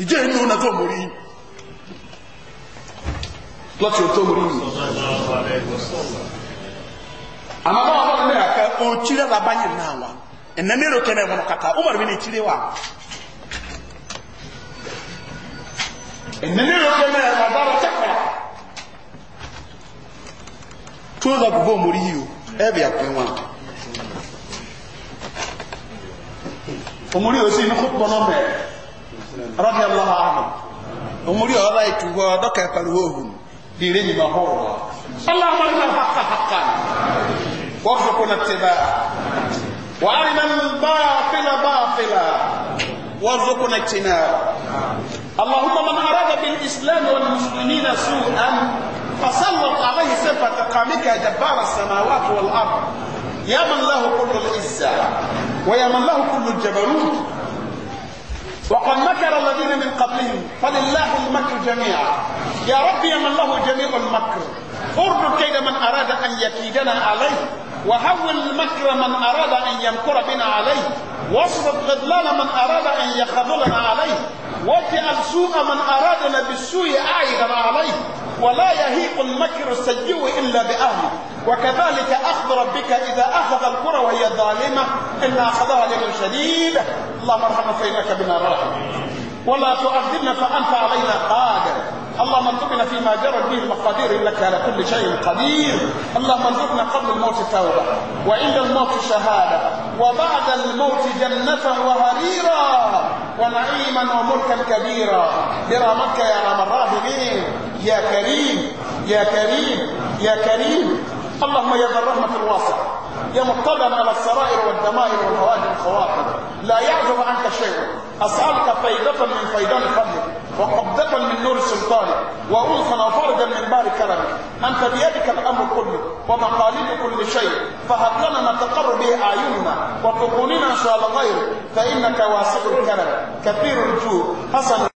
A: ìjẹ́ inú na tó mọ̀rí lọ́tí o tó mọ̀rí yìí àmọ́ bá wọn lọ́dún ẹ̀ka òkìrẹ́ labáyé náà wa ẹ̀nà mélòó kẹ́nẹ̀ wọn kàkà ó mọ̀rọ̀ mi ní ìkìrẹ́ wa ẹ̀nà mélòó kẹ́nẹ̀ wọn bá wọn kàkà tó lọ gbogbo mọ̀rí yìí o ẹ̀ bí àpẹ́ wọn. òmùrí òsì ní kó pọnọ bẹ́ẹ̀. رضي الله عنه أمري هذا يتوى دكا فلوهم ديرين ما هو
B: اللهم أرنا الحق حقا
A: وارزقنا اتباعه وأرنا الباطل باطلا وارزقنا اجتنابه اللهم من أراد بالإسلام والمسلمين سوءا فسلط عليه صفة قامك جبار السماوات والأرض يا من له كل العزة ويا من له كل الجبروت وقد مكر الذين من قبلهم فلله المكر جميعا يا رب يا من له جميع المكر اردد كيد من اراد ان يكيدنا عليه وهول المكر من أراد أن يمكر بنا عليه واصرف غضلان من أراد أن يخذلنا عليه واجعل السوء من أرادنا بالسوء أعيدا عليه ولا يهيق المكر السيء إلا بأهله وكذلك أخذ ربك إذا أخذ القرى وهي ظالمة إن أخذها لمن شديد اللهم ارحم فإنك بنا راحم ولا تؤذلنا فأنت علينا قادر اللهم انظرنا فيما جرت به المقادير انك على كل شيء قدير اللهم انظرنا قبل الموت توبه وعند الموت شهاده وبعد الموت جنه وهريرا ونعيما وملكا كبيرا برامك يا ارحم الراهبين يا كريم يا كريم يا كريم اللهم يا ذا الرحمه الواسعه يا مطلعا على السرائر والدمائر والفواجع والخواطر لا يعزب عنك شيء اسالك فيضه من فيضان قبلك وقبضة من نور سلطانك وأنصا وفرجا من بار كرمك أنت بيدك الأمر كله ومقاليد كل شيء فهب لنا ما تقر
C: به أعيننا وتقولنا شاء الله غيره فإنك واسع الكرم كبير الجود حسن